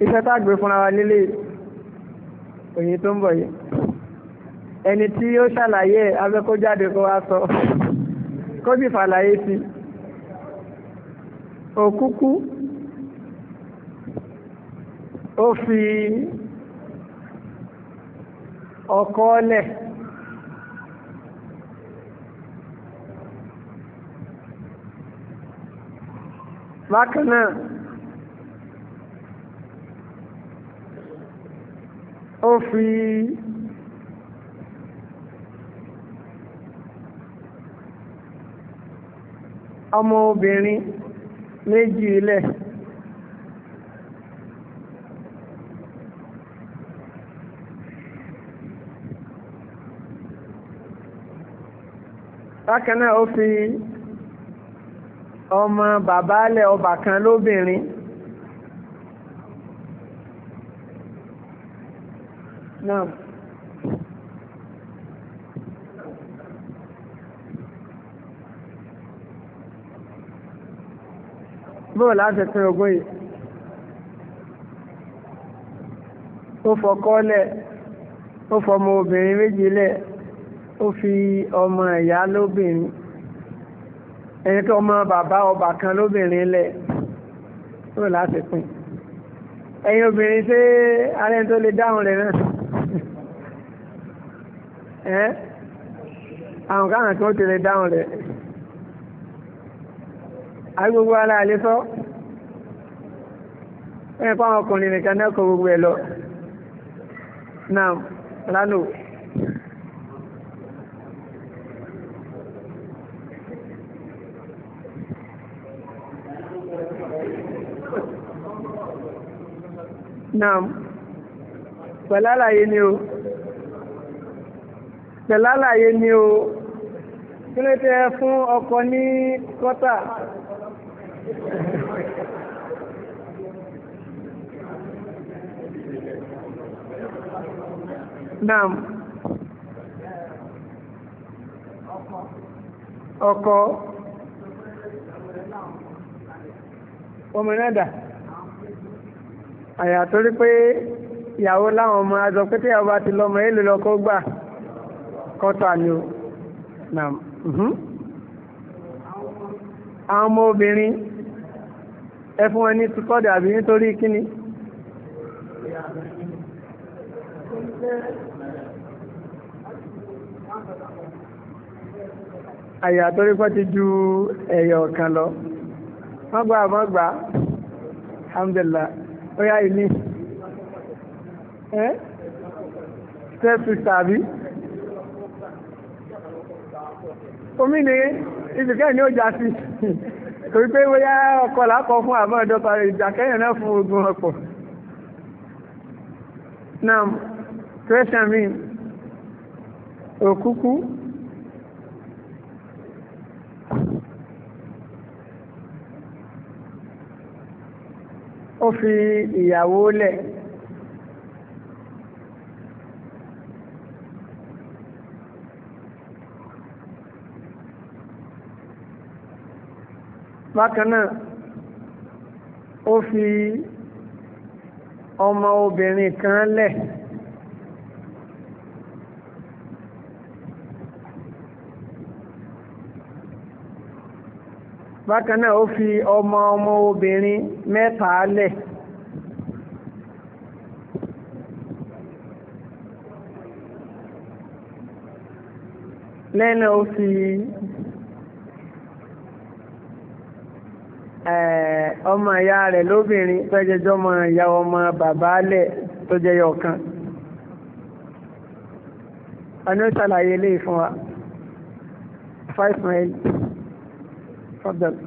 iṣẹ́ tá gbé fúnra wa lílé òyìn tó ń bọ̀ yìí ẹni tí ó ṣàlàyé abẹ́kójáde kó wá sọ kó sì fàlàyé sí òkúkú ó fi ọkọ́ lẹ̀ bákan ó fi ọmọ obìnrin méjì ilẹ̀ bákan náà ó fi ọmọ bàbálẹ̀ ọba kan lóbìnrin náà. bóò láti pín ogún yìí ó fọkọ́lẹ̀ ó fọmọ obìnrin méjì lẹ̀ ó fi ọmọ ìyá lóbìnrin ẹni tó ọmọ bàbá ọba kan lóbìnrin lẹ̀ bóò láti pín ẹ̀yin obìnrin ṣé alẹ́ tó lè dáhùn rẹ̀ náà ẹ́ àwọn káàkiri tó lè dáhùn rẹ̀ agbogbo ara lè sọ ẹ fáwọn ọkùnrin nìkan náà kọ gbogbo ẹ lọ náà lánàá Naam. Pẹ̀lálàyé ni o. Pẹ̀lálàyé ni o. Kí ló tẹ́ fún ọkọ ní kọ́tà? Naam. Ọkọ. Òmìnira dà. Àyà torí pé ìyàwó láwọn ọmọ azọ pé tí ìyàwó bá ti lọ́mọ èlò lọ́kọ́ gbà kọ́tà ni o. Naam. mm obìnrin. ẹ fún wọn ní tikọ́dà àbí nítorí kíni àyà torí pọ́ ti ju ẹ̀yọ̀ kan lọ wọ́n gba àmọ́ gbà alhamdulillah ó yá ìní ẹ́ step sister àbí omi ni ìsìnkẹ́ ni ó já sí torí pé wọ́n yá ọkọ̀ lápọ̀ fún àmọ́ ìdọ́ta ìjàkẹ́yìn náà fún ogun ọ̀pọ̀ náà question mi òkúkú ó fi ìyàwó lẹ̀ bákan náà ó fi ọmọ obìnrin kan lẹ̀ bákan náà ó fi ọmọ ọmọ obìnrin mẹ́ta lẹ̀ lẹ́nà ó fi Eh, ọmọ ìyá rẹ̀ lóbìnrin tó jẹjọ́ ọmọ ìyá ọmọ bàbá lẹ̀ tó jẹyọ kan ọ̀nà ìṣàlàyé ilé ìfún wa 5 mile fọ́dọ̀lù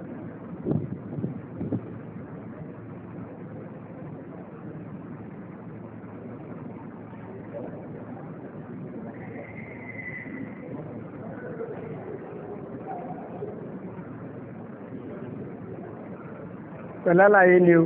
pẹ̀lálàyé ni o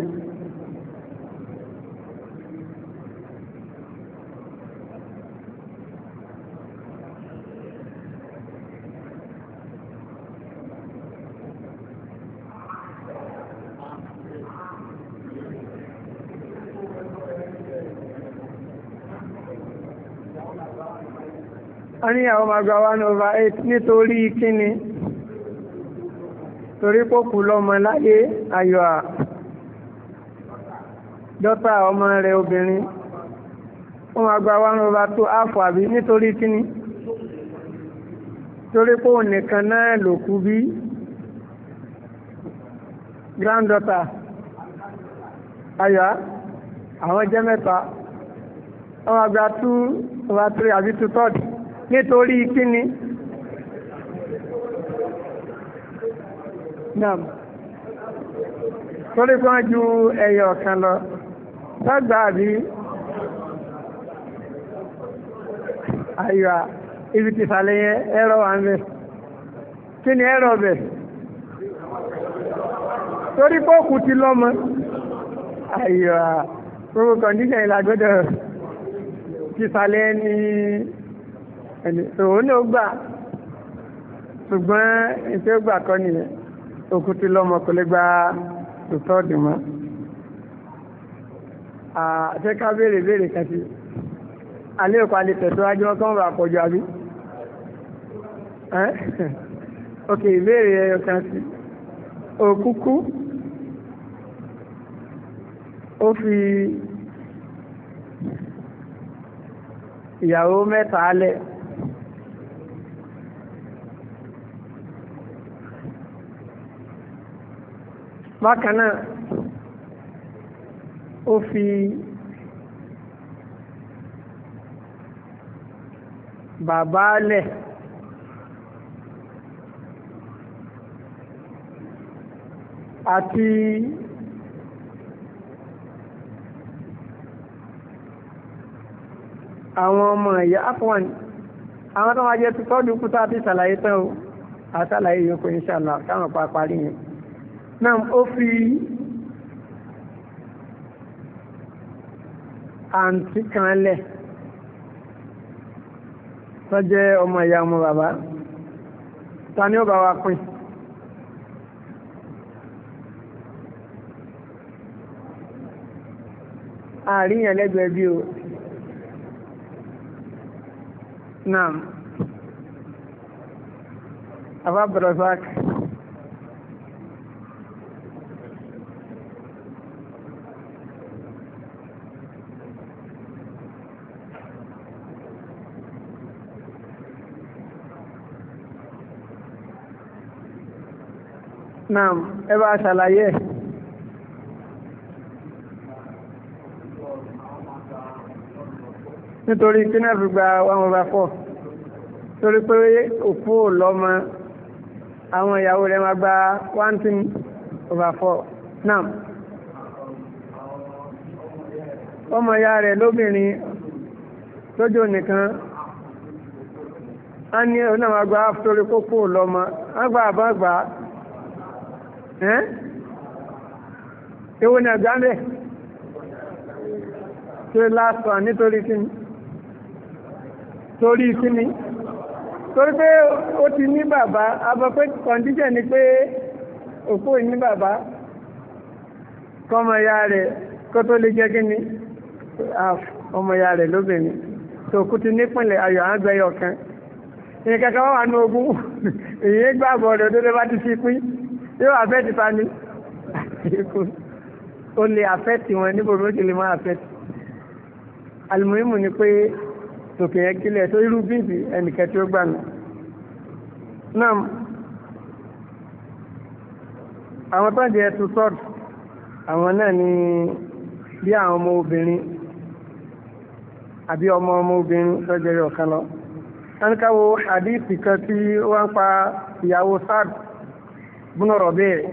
a ní àwọn magba 1 over 8 nítorí kíni torí pòkù lọ́mọ láyé ayọ̀ à dọ́tà ọmọ rẹ̀ obìnrin wọ́n máa gba one over two half àbí nítorí kíní torí pé òun nìkan náà ló kú bí grand daughter ayọ̀ àwọn jẹ́ mẹ́ta wọ́n máa gba two over three àbí two third nítorí kíní. Torí kan ju ẹyọ kan lọ sọ́gbà àbí àyà ibi ti sàlẹ̀ yẹn ẹ̀rọ wà ń bẹ̀ kí ni ẹ̀rọ bẹ̀ torí pọ́ọ̀kù ti lọ́mọ àyà gbogbo kọ̀ǹdíṣẹ̀ ìlàgbọ́dọ̀ ti sàlẹ̀ ní ẹni òun náà gbà ṣùgbọ́n ìṣẹ́ gbà kọ́ nìyẹn òkú ti lọ́mọ kò lè gba tòtọ́ọ̀dì mọ́ àfẹ́ ká béèrè béèrè kan sí alẹ́ òkú alẹ́ tẹ̀síwájú wọn kàn rà pọ̀jù àbí ok ìbéèrè ẹyọ kan sí òkúkú ó fi ìyàwó mẹ́ta alẹ́ bákan náà ó fi bàbá lẹ̀ àti àwọn ọmọ ẹ̀yà afọ́n àwọn tó wá jẹ́ tó tọ́jú kúta àti ìsàlàyé tán o àtàlàyé yòókù inshallah káwọn pa parí yẹn náà ó fi àǹtí kan lẹ̀ tó jẹ́ ọmọ ìyá ọmọ bàbá ta ni ó bá wa pín àríyàn lẹ́gbẹ̀ẹ́ bí o naam abá bọ̀rọ̀ naam ebe nítorí fi gba torí pé ò lọ́mọ àwọn ọmọ ya rẹ̀ lóbìnrin lójú nìkan a ní onáwàgbà torí kókó lọ́mọ ẹ́ eh? ewu ni àgbà mẹ́ tí ó lásán nítorí kíni torí kíni torí pé ó ti ní bàbá abọ́ pé kọ̀ǹdíṣẹ̀ ni pé òkú ní bàbá kọ́mọ ya rẹ̀ kó tó lè jẹ́ kíni ọmọ ya rẹ̀ lóbìnrin tòkú ti nípìnlẹ̀ ayọ̀ àgbẹ̀yọ̀ kan ìyẹn kẹ́kẹ́ wà nù ogún èyí gbàgbọ́ rẹ̀ òdodo bá ti fi pín yóò àfẹ́tì ta ni o lè àfẹ́tì wọn níbo ló ti lè máa àfẹ́tì alimuhimu ni pé tòkè yẹn kílẹ̀ tó irú bíbí ẹnìkan tí ó gbà mí náà àwọn tó ń jẹ ẹtù sọ́ọ̀tù àwọn náà ni bí àwọn ọmọ obìnrin àbí ọmọ ọmọ obìnrin tó jẹrẹ ọ̀kan lọ. kánikáwo àdìsí kan tí wọ́n ń pa ìyàwó sáàdù بن ربيع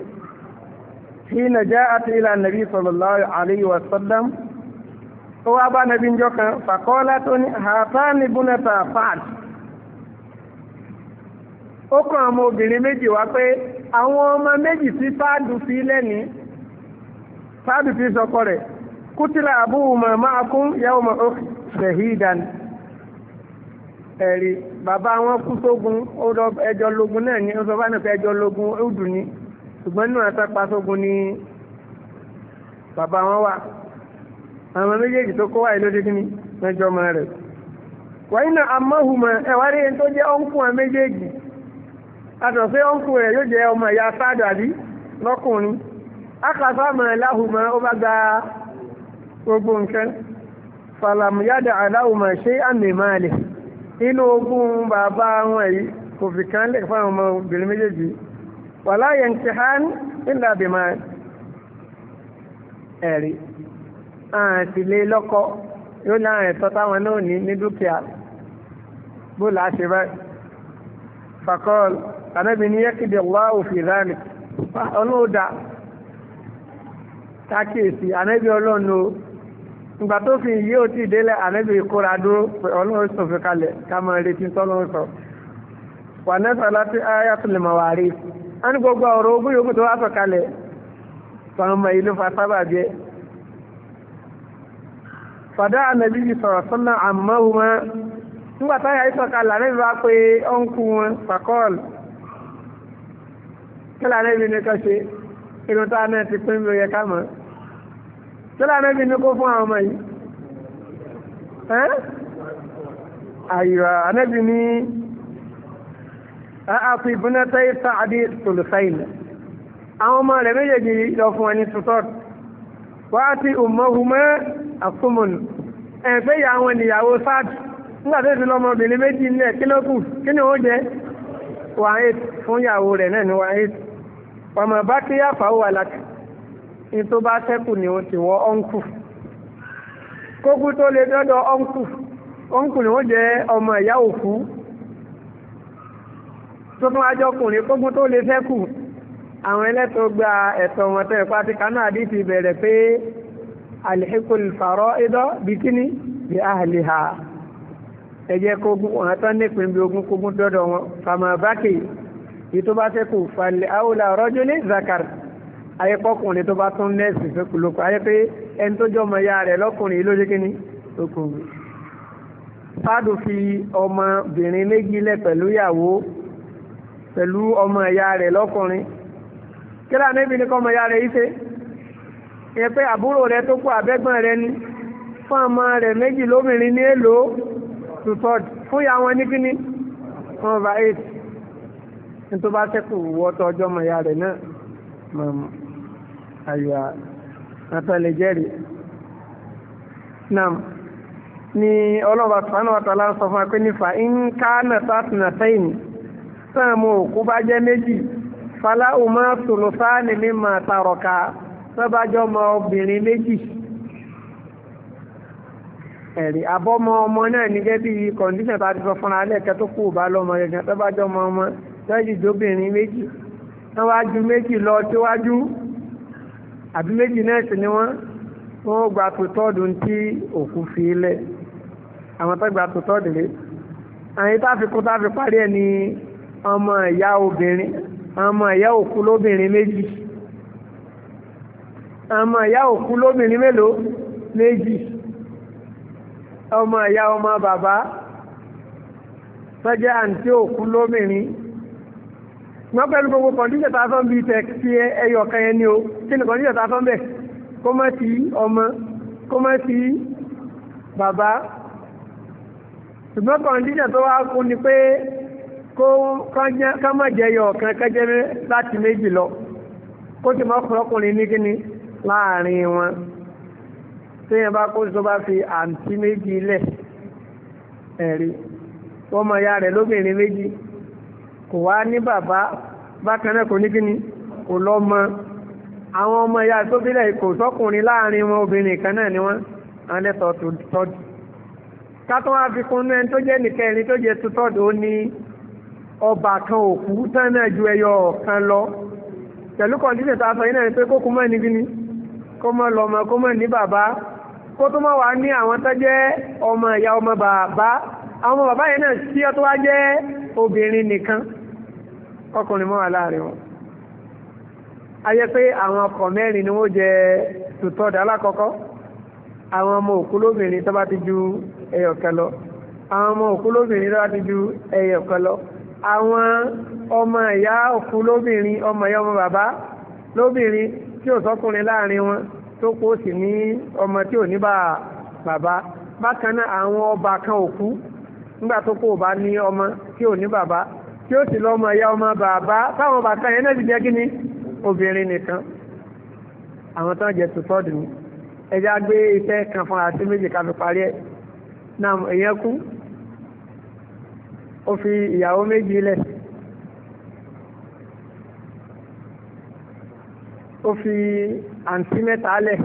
حين جاءت إلى النبي صلى الله عليه وسلم وأبا نبي جوكا فقالت هاتان بنتا فعل ó kàn ọmọ obìnrin méjì wá pé àwọn ọmọ méjì tí fáàdù fi lẹ́ni fáàdù fi sọkọ rẹ̀ kútìlà àbúrò màmá akún yàwó mọ̀ ó ṣèhídàn ẹ̀rí bàbá wọn kú sógun ẹjọ́ lógun náà ní ọsọ bá náà ẹjọ́ lógun ọdún ni ṣùgbọ́n nínú àtàpá sógun ni bàbá wọn wà àwọn méjèèjì tó kó wáyé lóde kí ni mẹjọ ọmọ rẹ̀ wáyé náà rí ẹni tó wọn méjèèjì àtọ̀ sí yóò ọmọ sáàdù àbí lọ́kùnrin ó bá gba gbogbo nǹkan ṣé àmì máa inú ogún bàbá wọn yìí kò fi kan lè fún àwọn ọmọbìnrin méjèèjì wà láyé ń ti hán nílà àbìmọ̀ ẹ̀rí àti lé lọ́kọ́ yóò láwọn ẹ̀tọ́ táwọn náà ní ní dúkìá bó là á ṣe báyìí ní yẹ́kìdì wá òfin ránì ọlọ́ọ̀dà tákìsì ànábì ọlọ́ọ̀nù ìgbà tó fi yí ó ti délẹ̀ ànábì ìkóra dúró ọlọ́run sọ fi kalẹ̀ ká mọ retí tọ́lọ́run sọ wà nẹ́sà láti ayatollah mawari a ní gbogbo ọ̀rọ̀ ogún yòókù tó wá sọ kalẹ̀ sọmọ ìlú fasábà jẹ́ fàdá ànábì yìí sọ̀rọ̀ sọ́nà àmọ́hùmá nígbà táyà yìí sọ kalẹ̀ bá pé ọ̀nkù wọn fàkọ́ọ̀l kí lànà ní kọ́ ṣe irun táwọn náà ti pín mi yẹ ká mọ̀ ọ́ tí lánàbí ní kó fún àwọn ọmọ yìí ẹ́ àyíwá anábì ní àti ìbúnátẹ́ ìta àdé tòlùsáìlì àwọn ọmọ rẹ̀ méjèèjì lọ fún ẹni tutọ́t wá ti ummahuma àkúmùn ẹ̀fẹ́ ìyá àwọn ènìyàwó sáàtì nígbà tó ti lọ́mọbìnrin méjì nílẹ̀ kí kí ni ó jẹ́ wàhálà fún ìyàwó rẹ̀ náà ní wàhálà ọmọ bá kíyà fàáwà lákàá ní tó bá ṣẹ́kù ni ó ti wọ́ ọ́nkù kókú tó lè dọ́dọ̀ ọ́nkù ọ́nkù ni wọ́n jẹ́ ọmọ ìyá òkú tó tún wájọ́ ọkùnrin kókú tó lè ṣẹ́kù àwọn ẹlẹ́tọ́ gba ẹ̀tọ́ wọn tẹ́ ipa ti kánú àdìsí bẹ̀rẹ̀ pé alihikul fàrọ́ idọ́ bikini bí ahliha ẹ jẹ́ kógún ọ̀nà tán nípìn bí ogún kógún dọ́dọ̀ wọn fàmà bákì yìí tó bá ṣẹ́kù falẹ̀ zakar ayé kọkùnrin tó bá tún nẹ́ẹ̀sì fẹ́kù lóko ayé pé ẹni tó jọ ọmọ ya rẹ̀ lọ́kùnrin ló ṣe kíní lókùnrin. fáàdù fi ọmọbìnrin méjì lẹ̀ pẹ̀lú ìyàwó pẹ̀lú ọmọ ìyá rẹ̀ lọ́kùnrin kíra níbi ní kọ́mọ ìyá rẹ̀ yìí ṣe ìyẹn pé àbúrò rẹ̀ tó kú àbẹ́gbọ́n rẹ̀ ni fún ọmọ rẹ̀ méjì lóbìnrin ní èlò to third fún ìyá wọn ní kíní one eight ní tó bá ṣẹ́kù wọ́tọ̀ ọjọ́ ọmọ ìyá rẹ̀ náà àyà àtàlẹ̀ jẹ́rì nam ni ọlọ́ba sanu àtàlà sọ fún akpé nífa nká nàta nàtẹ́yìn sáà mú òkú bá jẹ́ méjì fala umar sùlùfáàní mi mà tàrọ̀ka sábàjọ́ ọmọ obìnrin méjì ẹ̀rí abọ́mọ ọmọ náà ní gẹ́gẹ́ bí kọ̀ǹdíṣàn tá a ti sọ fúnra alẹ́ kẹ́ tó kù bá lọ́mọ gẹ́gẹ́ tó ọmọ ọmọ lẹ́yìn ìjóbìnrin méjì tó wá méjì lọ síwájú àbí méjì náà sì ni wọ́n wọ́n gba tòtọ́ọ̀dù tí òkú fi lẹ̀ àwọn tó gba tòtọ́ọ̀dù rẹ̀ àyè táfikún táfi parí ẹ̀ ni ọmọ ìyá obìnrin ọmọ ìyá òkú lóbìnrin méjì ọmọ ìyá òkú lóbìnrin mélòó méjì ọmọ ìyá ọmọ bàbá sọ́jà àǹtí òkú lóbìnrin wọ́n pẹ̀lú gbogbo kọ̀ndíṣẹ̀ tá a sọ́n bí tẹ̀ sí ẹyọ kan yẹn ni o kí ni kọ̀ndíṣẹ̀ tá a sọ́n bẹ̀ kó má ti ọmọ kó má ti bàbá ṣùgbọ́n kọ̀ndíṣẹ̀ tó wá kún ni pé ká má jẹ ẹyọ kan kẹjẹ láti méjì lọ kó ti mọ́ ọkùnrin ní kíni láàrin wọn téèyàn bá kó tó bá fi àǹtí méjì lẹ̀ ẹ̀rí wọ́n mọ ya rẹ̀ lóbìnrin méjì kò wá ní bàbá bákan náà kò ní kíni kò lọ́mọ àwọn ọmọ ìyá tó bílẹ̀ kò sọ́kùnrin láàrin wọn obìnrin kan náà ni wọ́n àwọn ẹ̀tọ́ tó tọ́jú kátó wá fi kún ẹni tó jẹ́ nìkẹrin tó jẹ́ tó tọ́jú ó ní ọba kan òkú tán náà ju ẹyọ kan lọ pẹ̀lú kọ̀ǹdíṣẹ̀ tá a sọ yín pé kókó mọ́ ní kíni kó mọ́ lọ́mọ kó mọ́ ní bàbá kó tó mọ́ wá ní àwọn tó jẹ́ ọmọ ìyá ọmọ bàbá àwọn ọmọ bàbá yẹn náà sí ọ tó wá jẹ́ obìnrin nìkan ọkùnrin mọ́ wà láàrin wọn a yẹ pé àwọn ọkọ mẹ́rin ni wọ́n jẹ tòtọ́dà alákọ̀ọ́kọ́ àwọn ọmọ òkú lóbìnrin tó bá ti ju ẹyọ̀kẹ́ lọ àwọn ọmọ òkú lóbìnrin tó bá ti ju ẹyọ̀kẹ́ lọ àwọn ọmọ ìyá òkú lóbìnrin ọmọ ìyá ọmọ bàbá lóbìnrin tí ò sọkùnrin láàrin wọn tó kó sì ní ọmọ tí ò ní bá bàbá bákan náà àwọn ọba kan òkú nígbà tó kó bá ní ọmọ tí ò ní bàbá tí ó sì lọ́mọ ẹ̀yà ọmọ bàbá táwọn bàtà yẹn náà sì jẹ́ kí ni obìnrin nìkan àwọn tó ń jẹ tó tọ́dù ní ẹja gbé iṣẹ́ kan fún àti méjì ká fi parí ẹ̀ náà èèyàn kú ó fi ìyàwó méjì lẹ̀ ó fi àǹtí mẹ́ta lẹ̀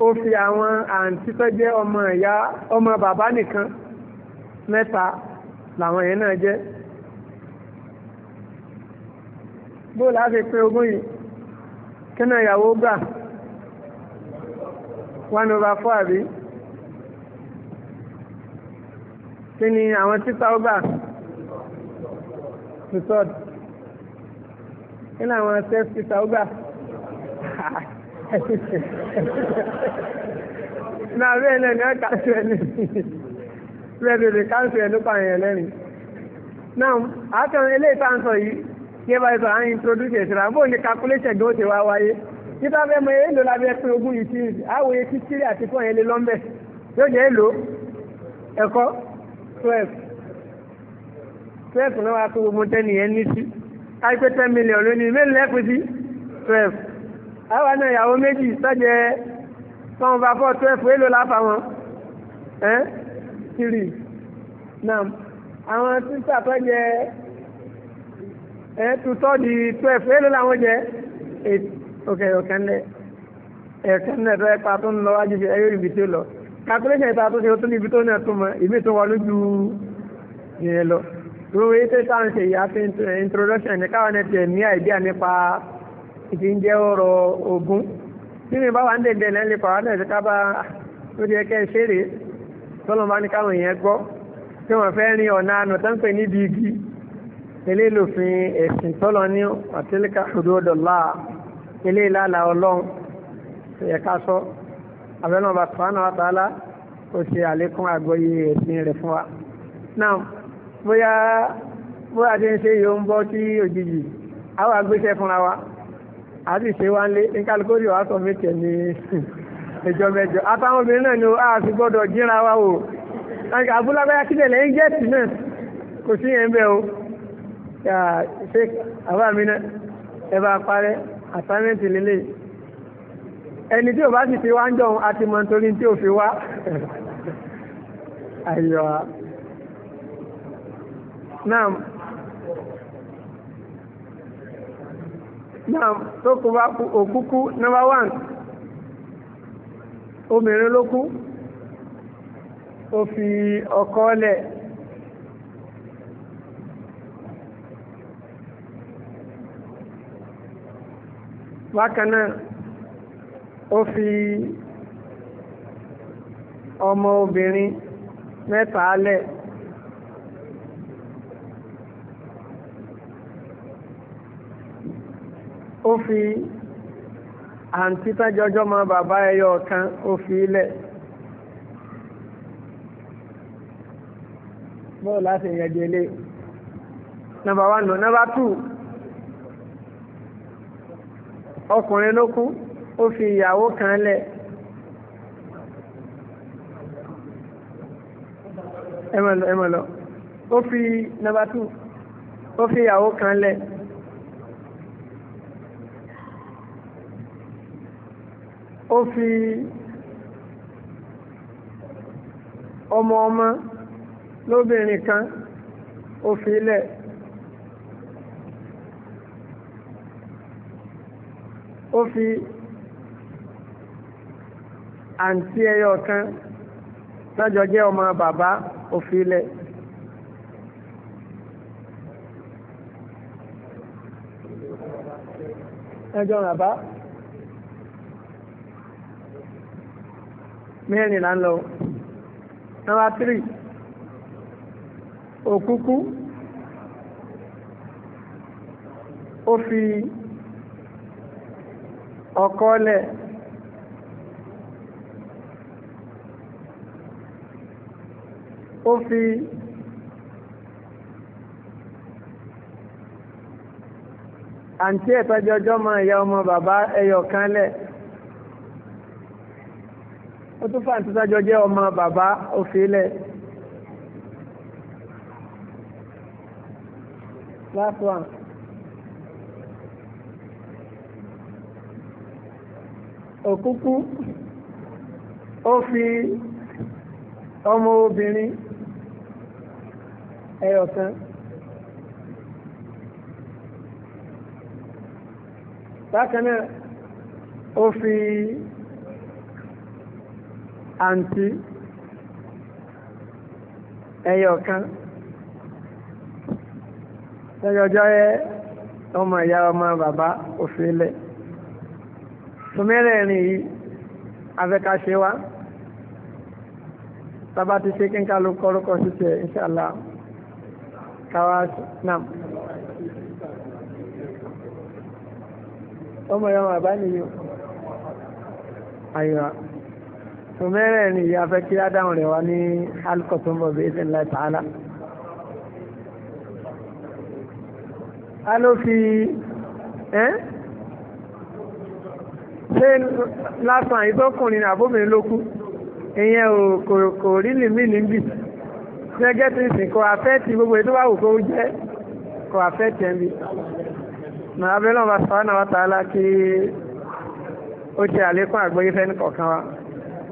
ó fi àwọn àǹtí tó jẹ́ ọmọ ìyá ọmọ bàbá nìkan mẹ́ta làwọn yẹn náà jẹ́ bó láti pé ogún yìí kí náà ìyàwó gbà one over four àbí kí ni àwọn títà ó gbà two third kí ni àwọn self títà ó gbà náà bẹ́ẹ̀ náà ni wọ́n kà sí ẹni. rẹ́dìdì káńsì ẹ̀ ló pààyàn ẹ̀ lẹ́rìn náà àtàn eléyìí tá à yìí yẹ bá sọ introduce ìṣura bóun ni calculation gan ṣe wá wáyé títà fẹ́ mọ èèlò lábẹ́ pé ogún yìí ti àwòye tí tírí àti fún ẹ̀yẹ lọ́mbẹ̀ yóò jẹ́ èèlò ẹ̀kọ́ twelve twelve náà wá pé gbogbo tẹ́nìyẹn ní sí káyipẹ́ ten million lónìí mélòó lẹ́pẹ́ sí twelve àwa náà ìyàwó méjì sọ́jẹ́ tọ́wọ́n bá fọ́ twelve èèlò láfa wọn ẹ́ three now àwọn títà tó jẹ ẹ tutọ́ di twelve èló làwọn jẹ eight ok ọ̀kan lẹ ẹ̀kan náà tó ẹ pa tó ń lọ wájú bí ẹyọ ibi tó lọ calculation ìta tó ṣe tó níbi tó náà tó mọ ìmí tó wọlé ju yẹn lọ ìròyìn ètò ìtàn ṣe ìyá fi introduction ní káwọn ẹtì ẹ̀mí àìdíà nípa ìdíjẹ́ ọ̀rọ̀ ogun nínú ìbáwá ń dèdè lẹ́yìn lè pàwọn ẹ̀sìn ká bá ó ti ẹ̀kẹ́ ṣeré tọ́lọ́ bá ní káwọn èèyàn gbọ́ tí wọ́n fẹ́ rin ọ̀nà àná tó ń pè níbi igi ilé lòfin ẹ̀sìn tọ́lọ́ ní ọ̀tílíkà òdòdọ̀lá ilé ìlàlà ọlọ́run ẹ̀ka sọ abẹ́nú ọba sùpánà àtàlá ó ṣe àlékún àgbọ́yé ẹ̀sìn rẹ̀ fún wa. náà bóyá bóyá tí ń ṣe yóò ń bọ́ sí òjijì àwọn àgbéṣẹ́ fúnra wa àti ìṣe wa ń lé ní kálukórì wàá sọ mí tẹ̀ ní mẹ́jọ mẹ́jọ àtàwọn obìnrin náà ni a fi gbọ́dọ̀ jíra wa o abúlágbáyà kílẹ̀ lẹ́yìn jẹ́ẹ̀tì náà kò sí yẹn bẹ́ẹ̀ o ṣe àbá mi náà ẹ bá parẹ́ àtàmẹ́ǹtì lélẹ̀ ẹni tí ò bá sì fi wá ń jọun àti mọ nítorí tí ò fi wá ayọ̀ náà náà tó kú bá kú òkúkú number one obìnrin ló kú ó fi ọkọ lẹ̀ bákan náà ó fi ọmọ obìnrin mẹ́ta lẹ̀. ó fi àǹtí tájọjọ́ mọ bàbá ẹyọ ọ̀kan ó fi ilẹ̀ bọ́ọ̀ láti yẹn délé nọmba wán nù nọmba tù ọkùnrin ló kú ó fi ìyàwó kan lẹ̀ ẹ mọ̀ lọ ó fi nọmba tù ó fi ìyàwó kan lẹ̀. ó fi ọmọ ọmọ lóbìnrin kan ó fi ilẹ̀ ó fi àǹtí ẹyọ kan lọ́jọ́ jẹ́ ọmọ bàbá ó fi ilẹ̀. ẹjọ́ bàbá. mẹ́rin là ń lọ nọ́mbà tírì òkúkú ó fi ọkọ lẹ̀ ó fi àǹtí ẹ̀tọ́jọjọ́ mọ ìyá ọmọ bàbá ẹyọ kan lẹ̀ ó tún fàǹtí sájọ jẹ́ ọmọ bàbá òfìlẹ̀ last one. òkúkú ó fi ọmọ obìnrin ẹyọ̀kan bákan náà ó fi àǹtí ẹyọkan ẹyọjọ́ yẹ ọmọ ìyá ọmọ bàbá òfin lẹ̀ sùmẹ́rẹ̀ẹ̀rin yìí afẹ́kàṣe wa tábà ti ṣe kínká ló kọ́rọ́kọ́ ṣíṣe ìṣàlá káwá náà ọmọ ìyá ọmọ bàbá nìyí ayọ̀ tó mẹ́rẹ̀ ni ìyá fẹ́ kí ádáhùn rẹ̀ wá ní alkọ̀ tó ń bọ̀ bíi ìsìn láì tààlà. a ló fi ṣé lásán ìtọ́kùnrin àbóbìnrin ló kú ìyẹn ò kò rí lèmi níbi gẹ́gẹ́ tí ìsìn kò àfẹ́ẹ̀tì gbogbo ètò wàwù kó jẹ́ kò àfẹ́ẹ̀tì ẹ̀mí. màá bẹ́ẹ̀ náà bá sọ ọ́ náà wá tààlà kí ó ti àlékún àgbóyé ní kọ̀ọ̀kan wa.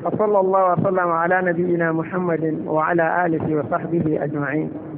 وصلى الله وسلم على نبينا محمد وعلى آله وصحبه أجمعين